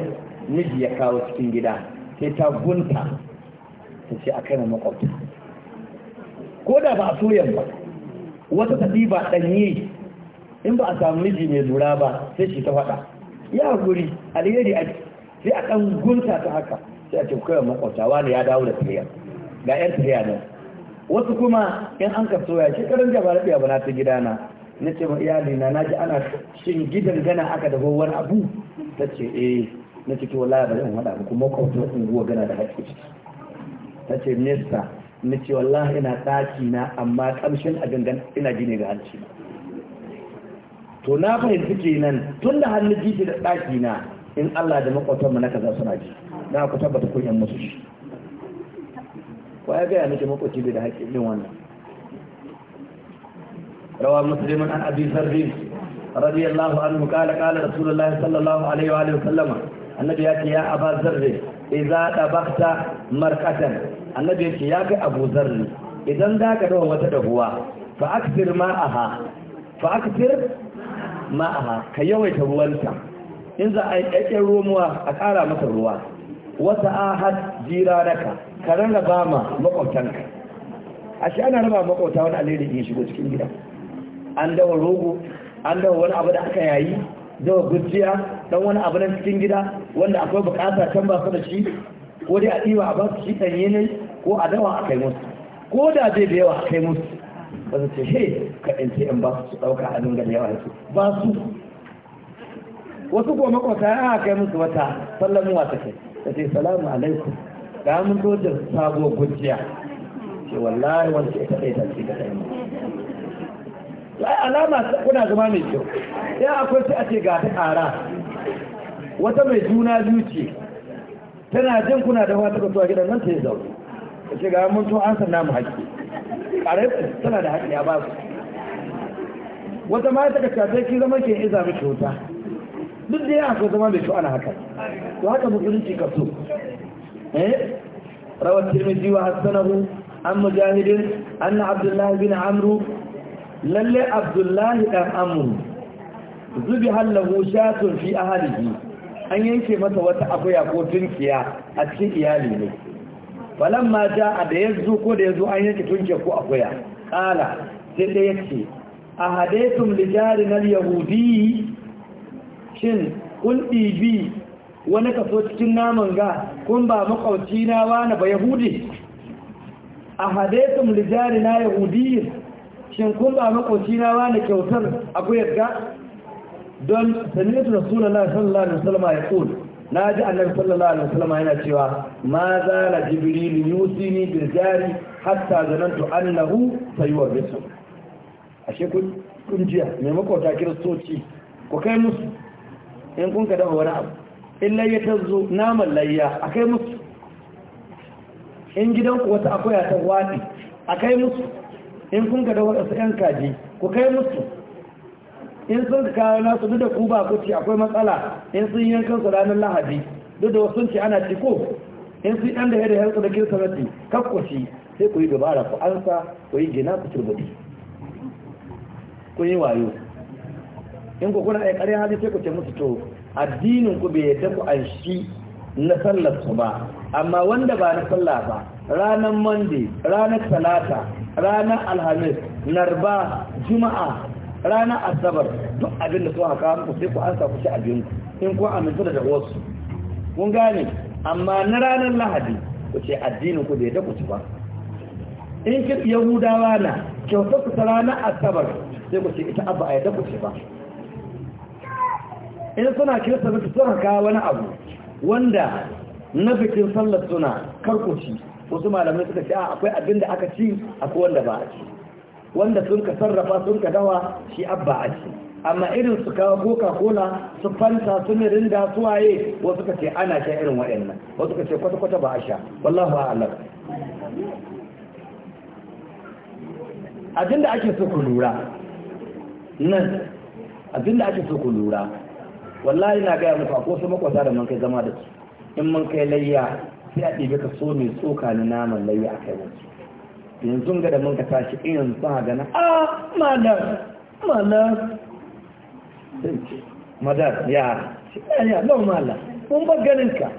miji ya kawo cikin gida sai ta gunta ta ce a kai makwabta ko da ba a soyan ba wata tafi ba ɗanyi in ba a samu miji mai lura ba sai shi ta faɗa ya guri alheri a sai a ɗan gunta ta haka sai a ce kai makwabta wani ya dawo da tafiya ga yan tafiya nan wasu kuma in an ka soya karin jaba da ba na ta gida na na ce ma iyalina na ji ana shin gidan gana aka dafa wani abu ta ce eh na ce wala wallahi ba zan faɗa ba kuma kwamfutar guwa gana da haƙƙi ta ce nesta na ce wallahi ina ɗaki na amma kamshin a gangan ina gine ga hanci to na fahimci kenan tun da hannu ji da ɗaki na in Allah da makwatar mu na kaza suna ji na ku tabbata kun yan musu shi ko ya ga ya nake makwaci bai da haƙƙi yin wannan rawa muslimin an abi sarri radiyallahu anhu kala qala rasulullahi sallallahu alaihi wa wa sallama annabi ya ce ya aba zarre idza dabakta marqatan annabi ya ce ya ga abu zarre idan za ka dawo wata dahuwa fa akthir ma'aha fa akthir ma'aha ka yawaita ruwanta in za a yi ruwa a ƙara masa ruwa wata ahad jira naka ka ba ma makwabtanka a shi ana raba makwabta wani alheri ke shigo cikin gida an dawo rogo an dawo wani abu da aka yayi da gujiya dan wani abu na cikin gida wanda akwai bukata can ba su da shi ko dai a ɗiwa a ba su shi ɗanye ne ko a dawa a kai musu ko da zai da yawa a kai musu ba su ce he ka ɗance in ba su ɗauka a dinga da yawa su ba su wasu kuwa makwata ya ah, kai musu wata sallamu wata kai ta ce salamu alaikum ga mun zo da sabuwar gujiya ce wallahi wanda ita ɗaya ta ce ga ɗaya ai alama kuna zama mai kyau ya akwai sai a ce ga ta ƙara wata mai juna biyu ce tana jin kuna da wata kasuwa gidan nan ta yi zaune ta ce ga mun tun an namu mu haƙƙi ƙarai ku tana da haƙƙi a ba su wata ma ta kaca sai kin zama ke iza miki wuta duk da ya akwai zama mai kyau ana haka to haka musulunci ka so eh rawar tirmidhi wa hasanahu an mujahidin anna abdullahi bin amru lalle abdullahi dan amru zubi hallahu shatun fi ahlihi an yanke masa wata akuya ko tunkiya a cikin iyali ne falamma a da yazo ko da yazo an yanke tunkiya ko akuya kala sai da yake ahadaitum lijarin al-yahudi shin kun bi wani kaso cikin naman ga kun ba makauci na wani ba yahudi ahadaitum lijarin al-yahudi shin kun ba makoci na ba kyautar akuyar ga don suna na sallallahu alaihi wasallam ya tsoro na ji annabi sallallahu alaihi wasallam yana cewa ma za la jibril yusini bil jari hatta zanantu annahu sayuwarrisu ashe kun kunjiya mai makota kiristoci ku kai musu in kun ka dafa wani abu in layya ta zo naman layya a kai musu in gidanku wata akwai ta wadi. a kai musu in kun ga dawar su yan kaji ku kai musu in sun kawo nasu duk da ku ba ku ci akwai matsala in sun yankan su ranar lahadi duk da wasu ci ana ci ko in sun ɗan da yadda yanzu da kakko shi sai ku yi dubara ku ansa ku yi gina ku turbudi ku yi wayo in ku kuna aikari hali sai ku ce musu to addinin ku bai yadda ku an shi na sallar su ba amma wanda ba na sallah ba ranar monday ranar talata ranar alhamis narba juma'a ranar asabar duk abin da suka kawo muku sai ku an sa ku ci abin in ku amintu da wasu kun gane amma na ranar lahadi ku ce addinin ku bai ku ci ba in kin yahudawa na kyautar ku ta ranar asabar sai ku ce ita abba a ya ku ci ba in suna kirista mutu suka kawo wani abu wanda na bikin sallar suna karkoci wasu malamai suka ce akwai abin da aka ci akwai wanda ba a ci wanda sun ka sarrafa sun ka dawa shi abba a ci amma irin su kawo coca cola su fanta su mirinda su waye wasu ka ce ana sha irin waɗannan wasu ka ce kwata-kwata ba a sha wallahu Allah abinda ake so ku lura nan abinda ake so ku lura wallahi na gaya muku akwai wasu makwasa da mun kai zama da su in mun kai layya sai a ɗibi ka so mai tsoka na naman layya a kai wasu yanzu ga da mun ka tashi in yanzu sun haga na a ah, madar madar madar ya ya no mala mun ba ganin ka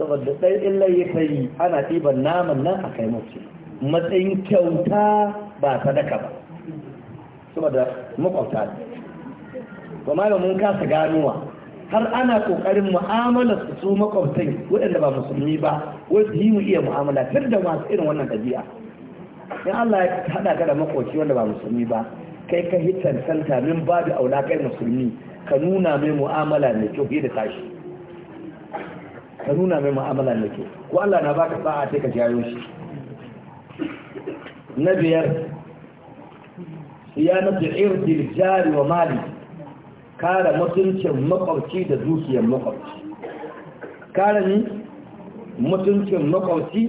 saboda ɗai in layya ta yi ana ɗiban naman nan a kai mace matsayin kyauta ba sadaka ba saboda makwabta ne ba ma mun kasa ganowa har ana kokarin mu'amala su su makwabtai waɗanda ba musulmi ba wai su yi mu iya mu'amala tun da masu irin wannan ɗabi'a in Allah ya haɗa ka da makwabci wanda ba musulmi ba kai ka hitan santa min babu aula kai musulmi ka nuna mai mu'amala mai kyau fiye da tashi ka nuna mai mu'amala mai kyau ko Allah na baka sa'a sai ka jayo shi na biyar siyanatu irdil jari wa mali kare mutuncin makwabci da dukiyar makwabci kare ni mutuncin makwabci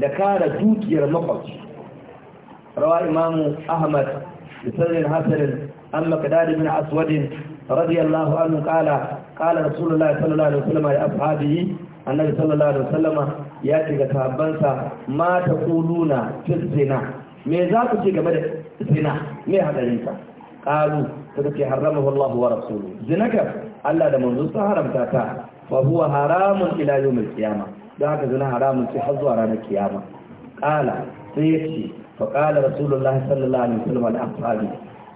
da kare dukiyar makwabci rawa imamu ahmad da sanin hasarin an makadari min aswadin radiyallahu anhu kala kala rasulullah sallallahu alaihi wasallam ya ashabihi annabi sallallahu alaihi wasallam ya ce ga sahabbansa ma kuluna fi zina me za ku ce game da zina me hadarin ka qalu suka ce haramahu Allah wa rasuluhu zinaka Allah da manzon sa haramta ta fa huwa haramun ila yawmil qiyama don haka zina haramun ce har zuwa ranar kiyama qala sai ya ce fa qala rasulullahi sallallahu alaihi wasallam al ashabi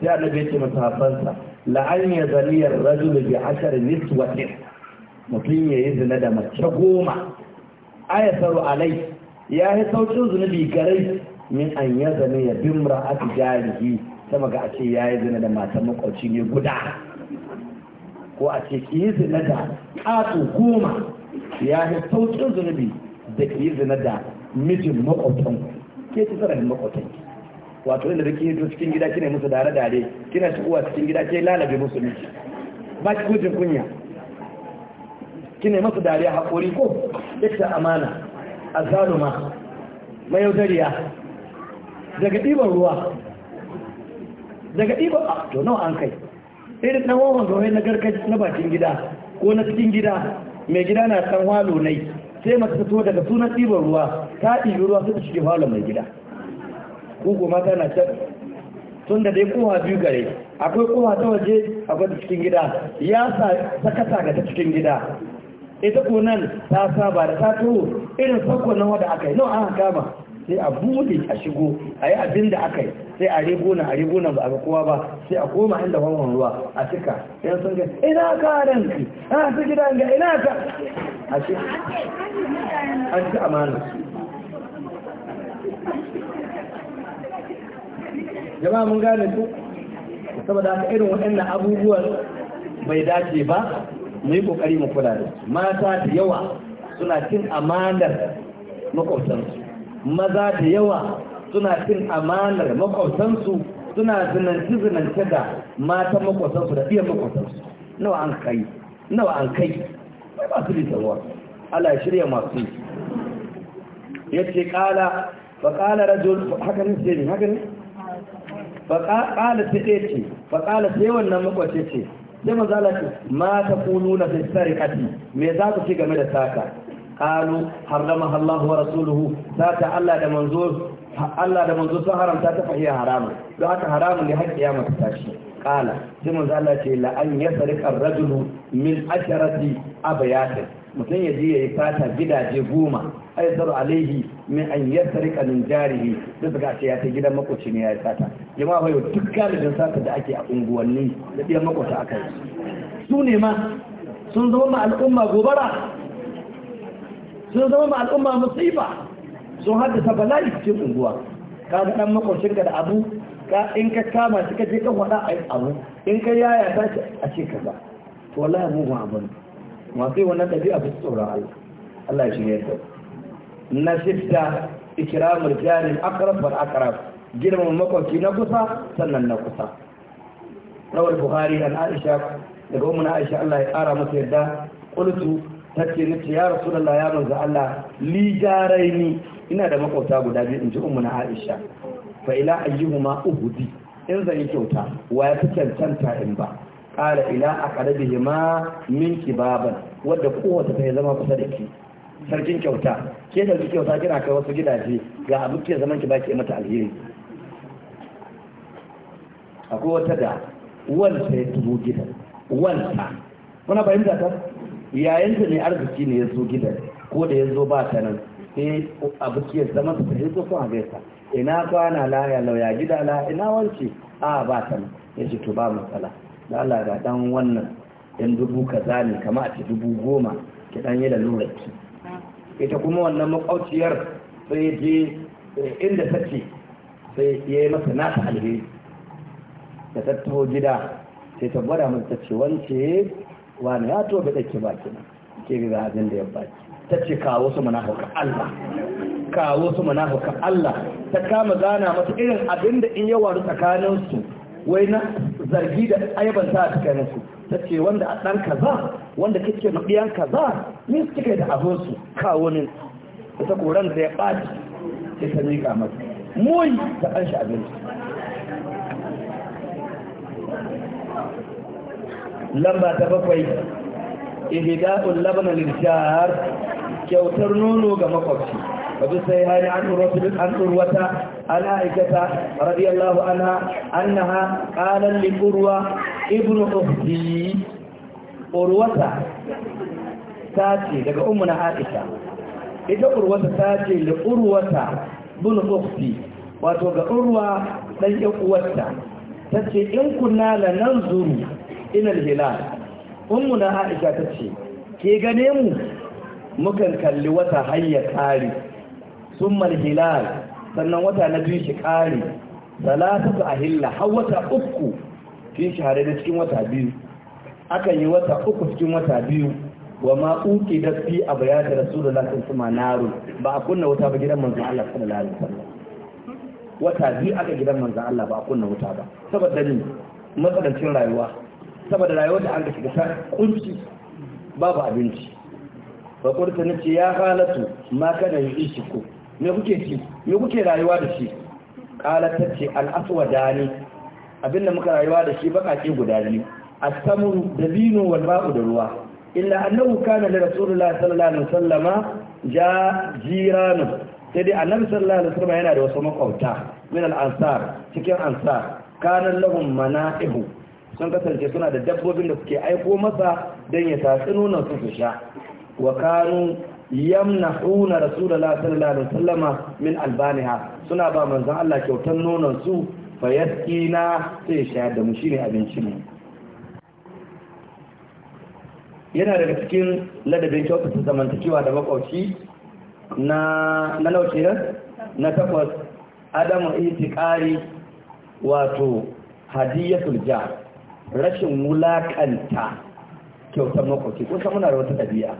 sai annabi ya ce masahabansa la an yazali ar-rajul bi ashar niswatin mutum ya yi zina da mace goma ayasaru alai ya yi saukin zunubi garai min an yazani ya bimra atijarihi sama ga a ce ya yi zina da matan makwauci ne guda ko a ce ki yi zina da ƙato goma ya yi sauƙin zunubi da ki yi zina da mijin makwautan ke ci zarafin makwautan wato inda da ke yi cikin gida kina musu dare dare kina shigowa cikin gida ke lalabe musu miki ba ki gujin kunya kina musu dariya haƙori ko ita amana a zaluma, mayaudariya daga ɗiban ruwa daga ɗiba a ah, to nawa an kai irin na wawan gawai na gargaji na bakin gida ko na cikin gida mai gida na san walo nai sai mace ta daga sunan ɗiban ruwa ta ɗibi ruwa su ta walo mai gida ko ko mata na can tun da dai kowa biyu gare akwai kowa ta waje a gwada cikin gida ya sakata ga ta cikin gida ita ko nan ta saba da ta tuwo irin sakon nan wanda aka yi nawa an kama sai a bude a shigo a yi abin da aka yi sai a rego na a rego na ba a ga kowa ba sai a koma inda wanwan ruwa a cika yan sun ga ina ka ki? a su gida ga ina ka a shi an ci amana jama'a mun gane ku saboda haka irin waɗannan abubuwan bai dace ba mu yi ƙoƙari mu kula da su mata da yawa suna cin amanar makwabtansu maza da yawa suna cin amanar makwabtansu suna zinanci-zinanci da matan makwabtansu da biyan makwabtansu nawa an kai nawa an kai mai masu litarwa ala shirya masu ya ce kala ba kala rajul haka ne sai ne haka ne ba kala ta ɗaya ce ba kala ta yawan nan makwabce ce sai mazala ce mata kunu na sai sarikati me za ku ce game da saka قالوا حرمها الله wa rasuluhu sata Allah da manzo ده منظور sun haramta ta fahiya haramun don haka haramun ne har kiyama ta tashi qala sai manzo Allah ce mutum ya je ya yi fata gidaje goma aizar alaihi min an yassari kanin jarihi da suka ce ya ta gidan makoci ne ya yi fata jama'a yau duk galibin sata da ake a unguwanni da biyan makoci aka yi. su ne ma sun zama ma al'umma gobara sun zama ma al'umma musiba sun haddasa bala'i cikin unguwa ka ga dan makwashin ka da abu ka in ka kama shi ka je ka faɗa a abu in ka yaya ta ce a ce ba. to wallahi mu ba abun masu wannan dabi'a ba tsoron Allah Allah ya shirye ta na shifta ikramul jari akrab wal akrab girma makwabci na kusa sannan na kusa rawar buhari dan aisha daga umma aisha Allah ya kara masa yadda qultu ta ce na ce ya rasu da ya manzo Allah li jarai ni ina da makwabta guda biyu in ji umu na Aisha fa ila ayyuhuma uhudi in zan yi kyauta wa ya fi cancanta in ba ƙara ila a ƙarabihi ma min kibaban wadda kowace ta zama kusa da ke sarkin kyauta ke da kyauta kina kai wasu gidaje ga abin ke zaman ki baki mata alheri akwai wata da wanta ya tuho gidan wanta muna fahimta ta Yayin da ne arziki ne ya zo gidan ko da ya zo ba ta nan sai abu ke zama su fahimta zo kuma gaisa ina kwana laya lauya gida la ina wance a ba ta nan ya ce to ba matsala da Allah ga dan wannan yan dubu kaza ne kama a ce dubu goma ki dan yi da lurarki ita kuma wannan makwauciyar sai je eh, inda ta ce sai ya yi masa nata alheri da tattaho gida sai ta gwada mata ce wance wani ya to bi dake baki na ke ga abin da ya baki ta ce kawo su hauka Allah kawo su hauka Allah ta kama gana masu irin abin da in yawa tsakanin su wai na zargi da aibanta a cikin su ta ce wanda a ɗan kaza wanda kake maɗiyan kaza ne su cika da abinsu kawo ne ta koran da ya ɓaci sai ta kamar. mata ta ɗan shi abinci lamba ta bakwai ihida'ul labana lirshar kyautar nono ga makwabci wajen sai hari an urwata an urwata an aikata radiyallahu anha annaha qalan li urwa ibnu ukhti urwata tace daga ummuna aisha ita urwata tace li urwata bin ukhti wato ga urwa dan yan uwarta tace in kunna lananzuru inal hilal ummu na aisha ta ce ke gane mu mukan kalli wata hayya kare summal hilal sannan wata na biyu shi kare salatu ahilla har wata uku fi shahare da cikin wata biyu akan yi wata uku cikin wata biyu wa ma uki da fi a bayanin rasulullah sun suma naru ba a kunna wuta ba gidan manzon Allah sallallahu alaihi wasallam wata biyu aka gidan manzon Allah ba a kunna wuta ba saboda ni matsalancin rayuwa saboda rayuwar da an gashi shiga ta kunci babu abinci fa kurta nace ya halatu ma kana yi shi ko me kuke ci me kuke rayuwa da shi kala ce al dani abinda muka rayuwa da shi ke guda biyu at da dabino wal ba'u da ruwa illa annahu kana li rasulullahi sallallahu alaihi wasallam ja jiranu sai dai annabi sallallahu alaihi wasallam yana da wasu makwabta min al-ansar cikin ansar kana lahum mana'ihu sun kasance suna da dabbobin da suke aiko masa don ya tatsi nuna su su sha wa kanu yamnahuna rasulullahi sallallahu alaihi wasallama min albaniha suna ba manzan Allah kyautar nonon su fa yaskina sai sha da mu shine abincin mu yana daga cikin ladabin kyautata zamantakewa da makwauci na na na takwas adamu itiqari wato hadiyatul jah rashin wulakanta kyautar makoci ko san muna da wata ɗabi'a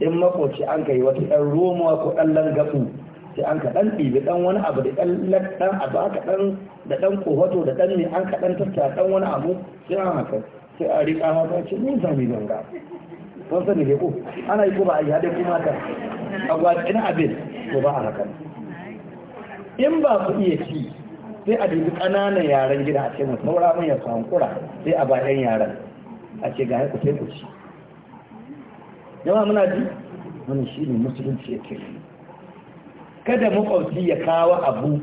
in makoci an kai wata ɗan romawa ko ɗan langabu sai an ka ɗan ɗibi ɗan wani abu da ɗan ɗan abu aka ɗan da ɗan kohoto da ɗan ne an ka ɗan tattara ɗan wani abu sai an haka sai a riƙa haka ce mun sami ganga kun sani ne ko ana yi ko ba a yi haɗe kuma ta a gwaɗin abin ko ba a haka in ba ku iya ci sai a dubi ƙananan yaran gida a ce mu maura mun ya hankura sai a bayan yaran a ce ga ku sai ku ci yawa muna ji wani shi ne musulunci ya ke kada makwabci ya kawo abu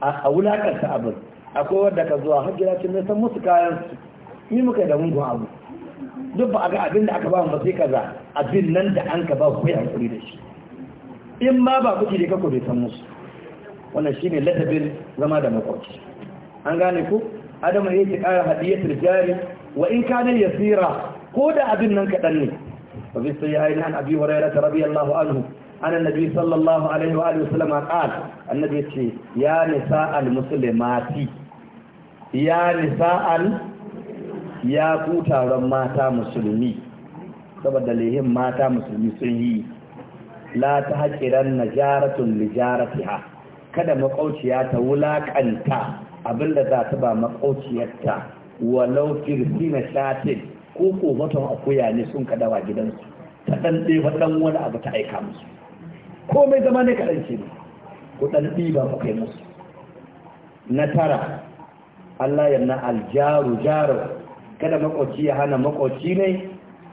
a wulakanta abin akwai wadda ka zuwa har gida ce san musu kayan su ni muka da mungun abu duk ba a ga abin da aka ba mu ba sai kaza abin nan da an ka ba ku ya hankuri da shi in ma ba kuke da kako bai san musu wannan shine ladabin zama da makwabci an gane ku adamu ya ce ƙara hadiyatul jari wa in kana yasira ko da abin nan kaɗan ne wa bi sayyi'in an abi hurairah radiyallahu anhu an annabi sallallahu alaihi wa alihi wasallam qala annabi ya ce ya nisa nisa'al muslimati ya nisa al? ya ku taron mata musulmi saboda lehin mata musulmi sun yi la ta haƙiran na jaratun lijaratiha kada makauciya ta wulakanta abinda za ta ba makauciyarta walau na shatin ko ko mutum akuya ne sun kadawa gidansu ta dan fa dan wani abu ta aika musu komai zama ne kaɗan ce ne ku dan ɗiba ku kai musu na tara Allah ya na aljaru jaru, kada makwaci ya hana makwaci ne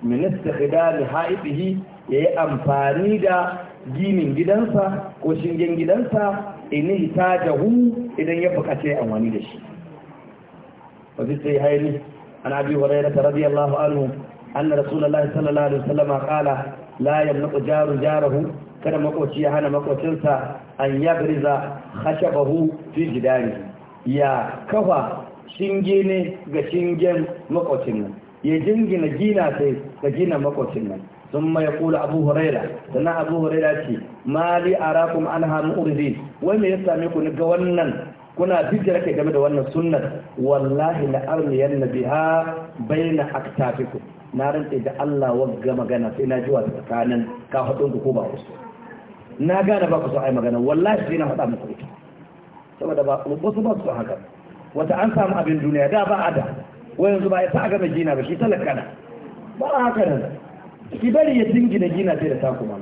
minista khidali haifihi ya yi amfani da ginin gidansa ko shingen gidansa in hu idan ya bukace wani da shi wajen sai haini an abi hurairah radiyallahu anhu anna rasulullahi sallallahu alaihi wasallama kala. la yamnu jaru jarahu kada makoci ya hana makocinsa an yabriza khashabahu fi jidari ya kafa shinge ne ga shingen makocin nan ya jingina gina sai ga gina makocin nan ثم يقول أبو هريرة سنة أبو هريرة ما لي أراكم عنها مؤرزين وما يسامكم قوانا كنا بجرك جمد وانا السنة والله لأرمين بها بين أكتافكم نارن إذا الله وقع مغانا سينا جوا كان كافتون كوبا رسول ناغانا باكو سعي مغانا والله سينا هتا مقريك سوى دبا وبصوا بصوا هكا وتأنسى أبن دنيا دا بعد وينزبا يساقا مجينا بشي تلكنا ba haka nan ki bari ya na gina sai da ta kuma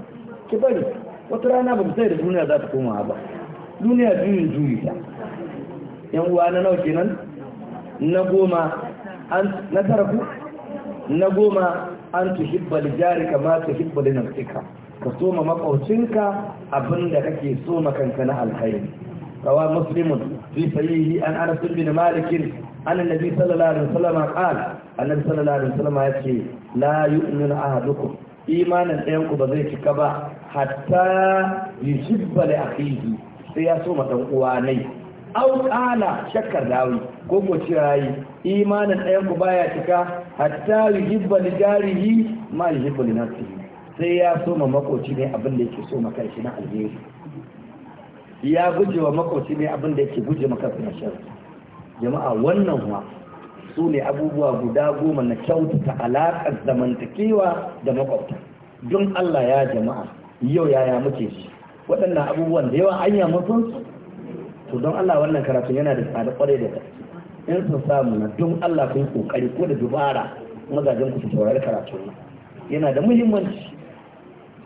ki bari wata rana ba mu sai da duniya za ta koma ba duniya duniya duniya yan uwa na nawa kenan na goma an na tarafu na goma an hibbal jari jarika ma tuhibba li nafsika ka soma makaucinka abinda kake soma kanka na alkhairi rawa muslimun fi sahihi an anas bin malik an annabi sallallahu alaihi wasallam qala annabi sallallahu alaihi wasallam ya ce la yu'minu ahadukum imanin ɗayan ku ba zai cika ba hatta yushibba li akhihi sai ya so madan uwa nai au qala shakkar dawi ko ko cirayi imanin ɗayan ku baya cika hatta yuhibba li jarihi ma yuhibbu li nafsihi sai ya so ma makoci ne abin da yake so ma kanshi na alheri ya guje wa makoci ne abin da yake guje maka na sharri jama'a wannan wa su ne abubuwa guda goma na kyautata alaƙar zamantakewa da makwabta don Allah ya jama'a yau yaya muke shi waɗannan abubuwan da yawa anya mutum to don Allah wannan karatu yana da tsada kwarai da gaske in sun samu na don Allah kun kokari ko da dubara mazajen ku su saurari karatu yana da muhimmanci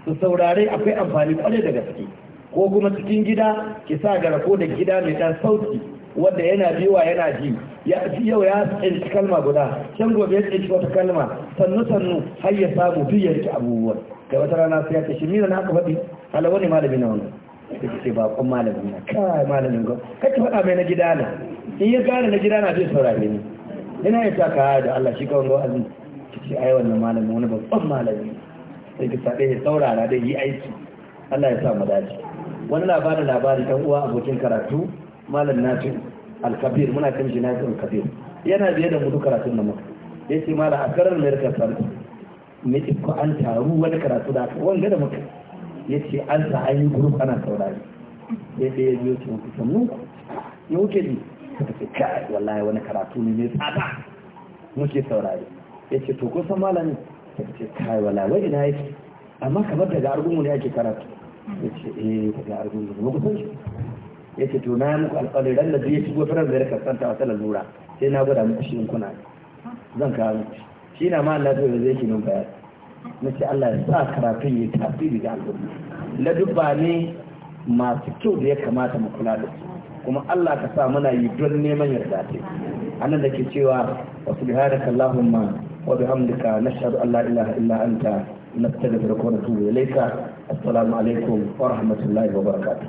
su saurari akwai amfani kwarai da gaske ko kuma cikin gida ki sa ko da gida mai ɗan sauti wanda yana biwa yana ji ya ci yau ya tsinci kalma guda can gobe ya tsinci wata kalma sannu sannu har ya samu duk ya rike abubuwan ga wata rana sai ya tashi mira na aka faɗi hala wani malami na wani da ke ce bakon malami na kai malamin gwam kacce faɗa mai na gida na in ya gane na gida na zai saurare ni ina yin ta kaya da Allah shi kawai gwazin ki ce ai wannan malamin wani babban malami sai ki sa ya saurara da yi aiki Allah ya sa mu dace wani labarin labari kan uwa abokin karatu malam nafi alkabir muna kan shi nafi alkabir yana biye da mutu karatun nan Ya yace malam a karar mai kasar miki ko an taru wani karatu da wanga da Ya yace an sa an yi group ana saurari sai sai ya biyo su sannu ya wuce ni suka ce kai wallahi wani karatu ne mai tsada muke saurari yace to kusan malamin suka ce kai wallahi wai ina yake amma kamar daga argungu ne ake karatu yace eh daga argungu ne ku san shi ya ce to na muku alƙalai ran da zai shigo firar da ya kasanta a salar lura sai na gwada muku shi kuna zan kawo muku shi na ma Allah zai zai kinin bayar na ce Allah ya sa karatun ya tafi daga al'umma ladubba ne masu kyau da ya kamata mu kula da su kuma Allah ka sa mana yi don neman yarda ce anan da ke cewa wa subhanaka allahumma wa bihamdika nashhadu an la ilaha illa anta نستغفرك ونتوب إليك alaikum عليكم ورحمة الله وبركاته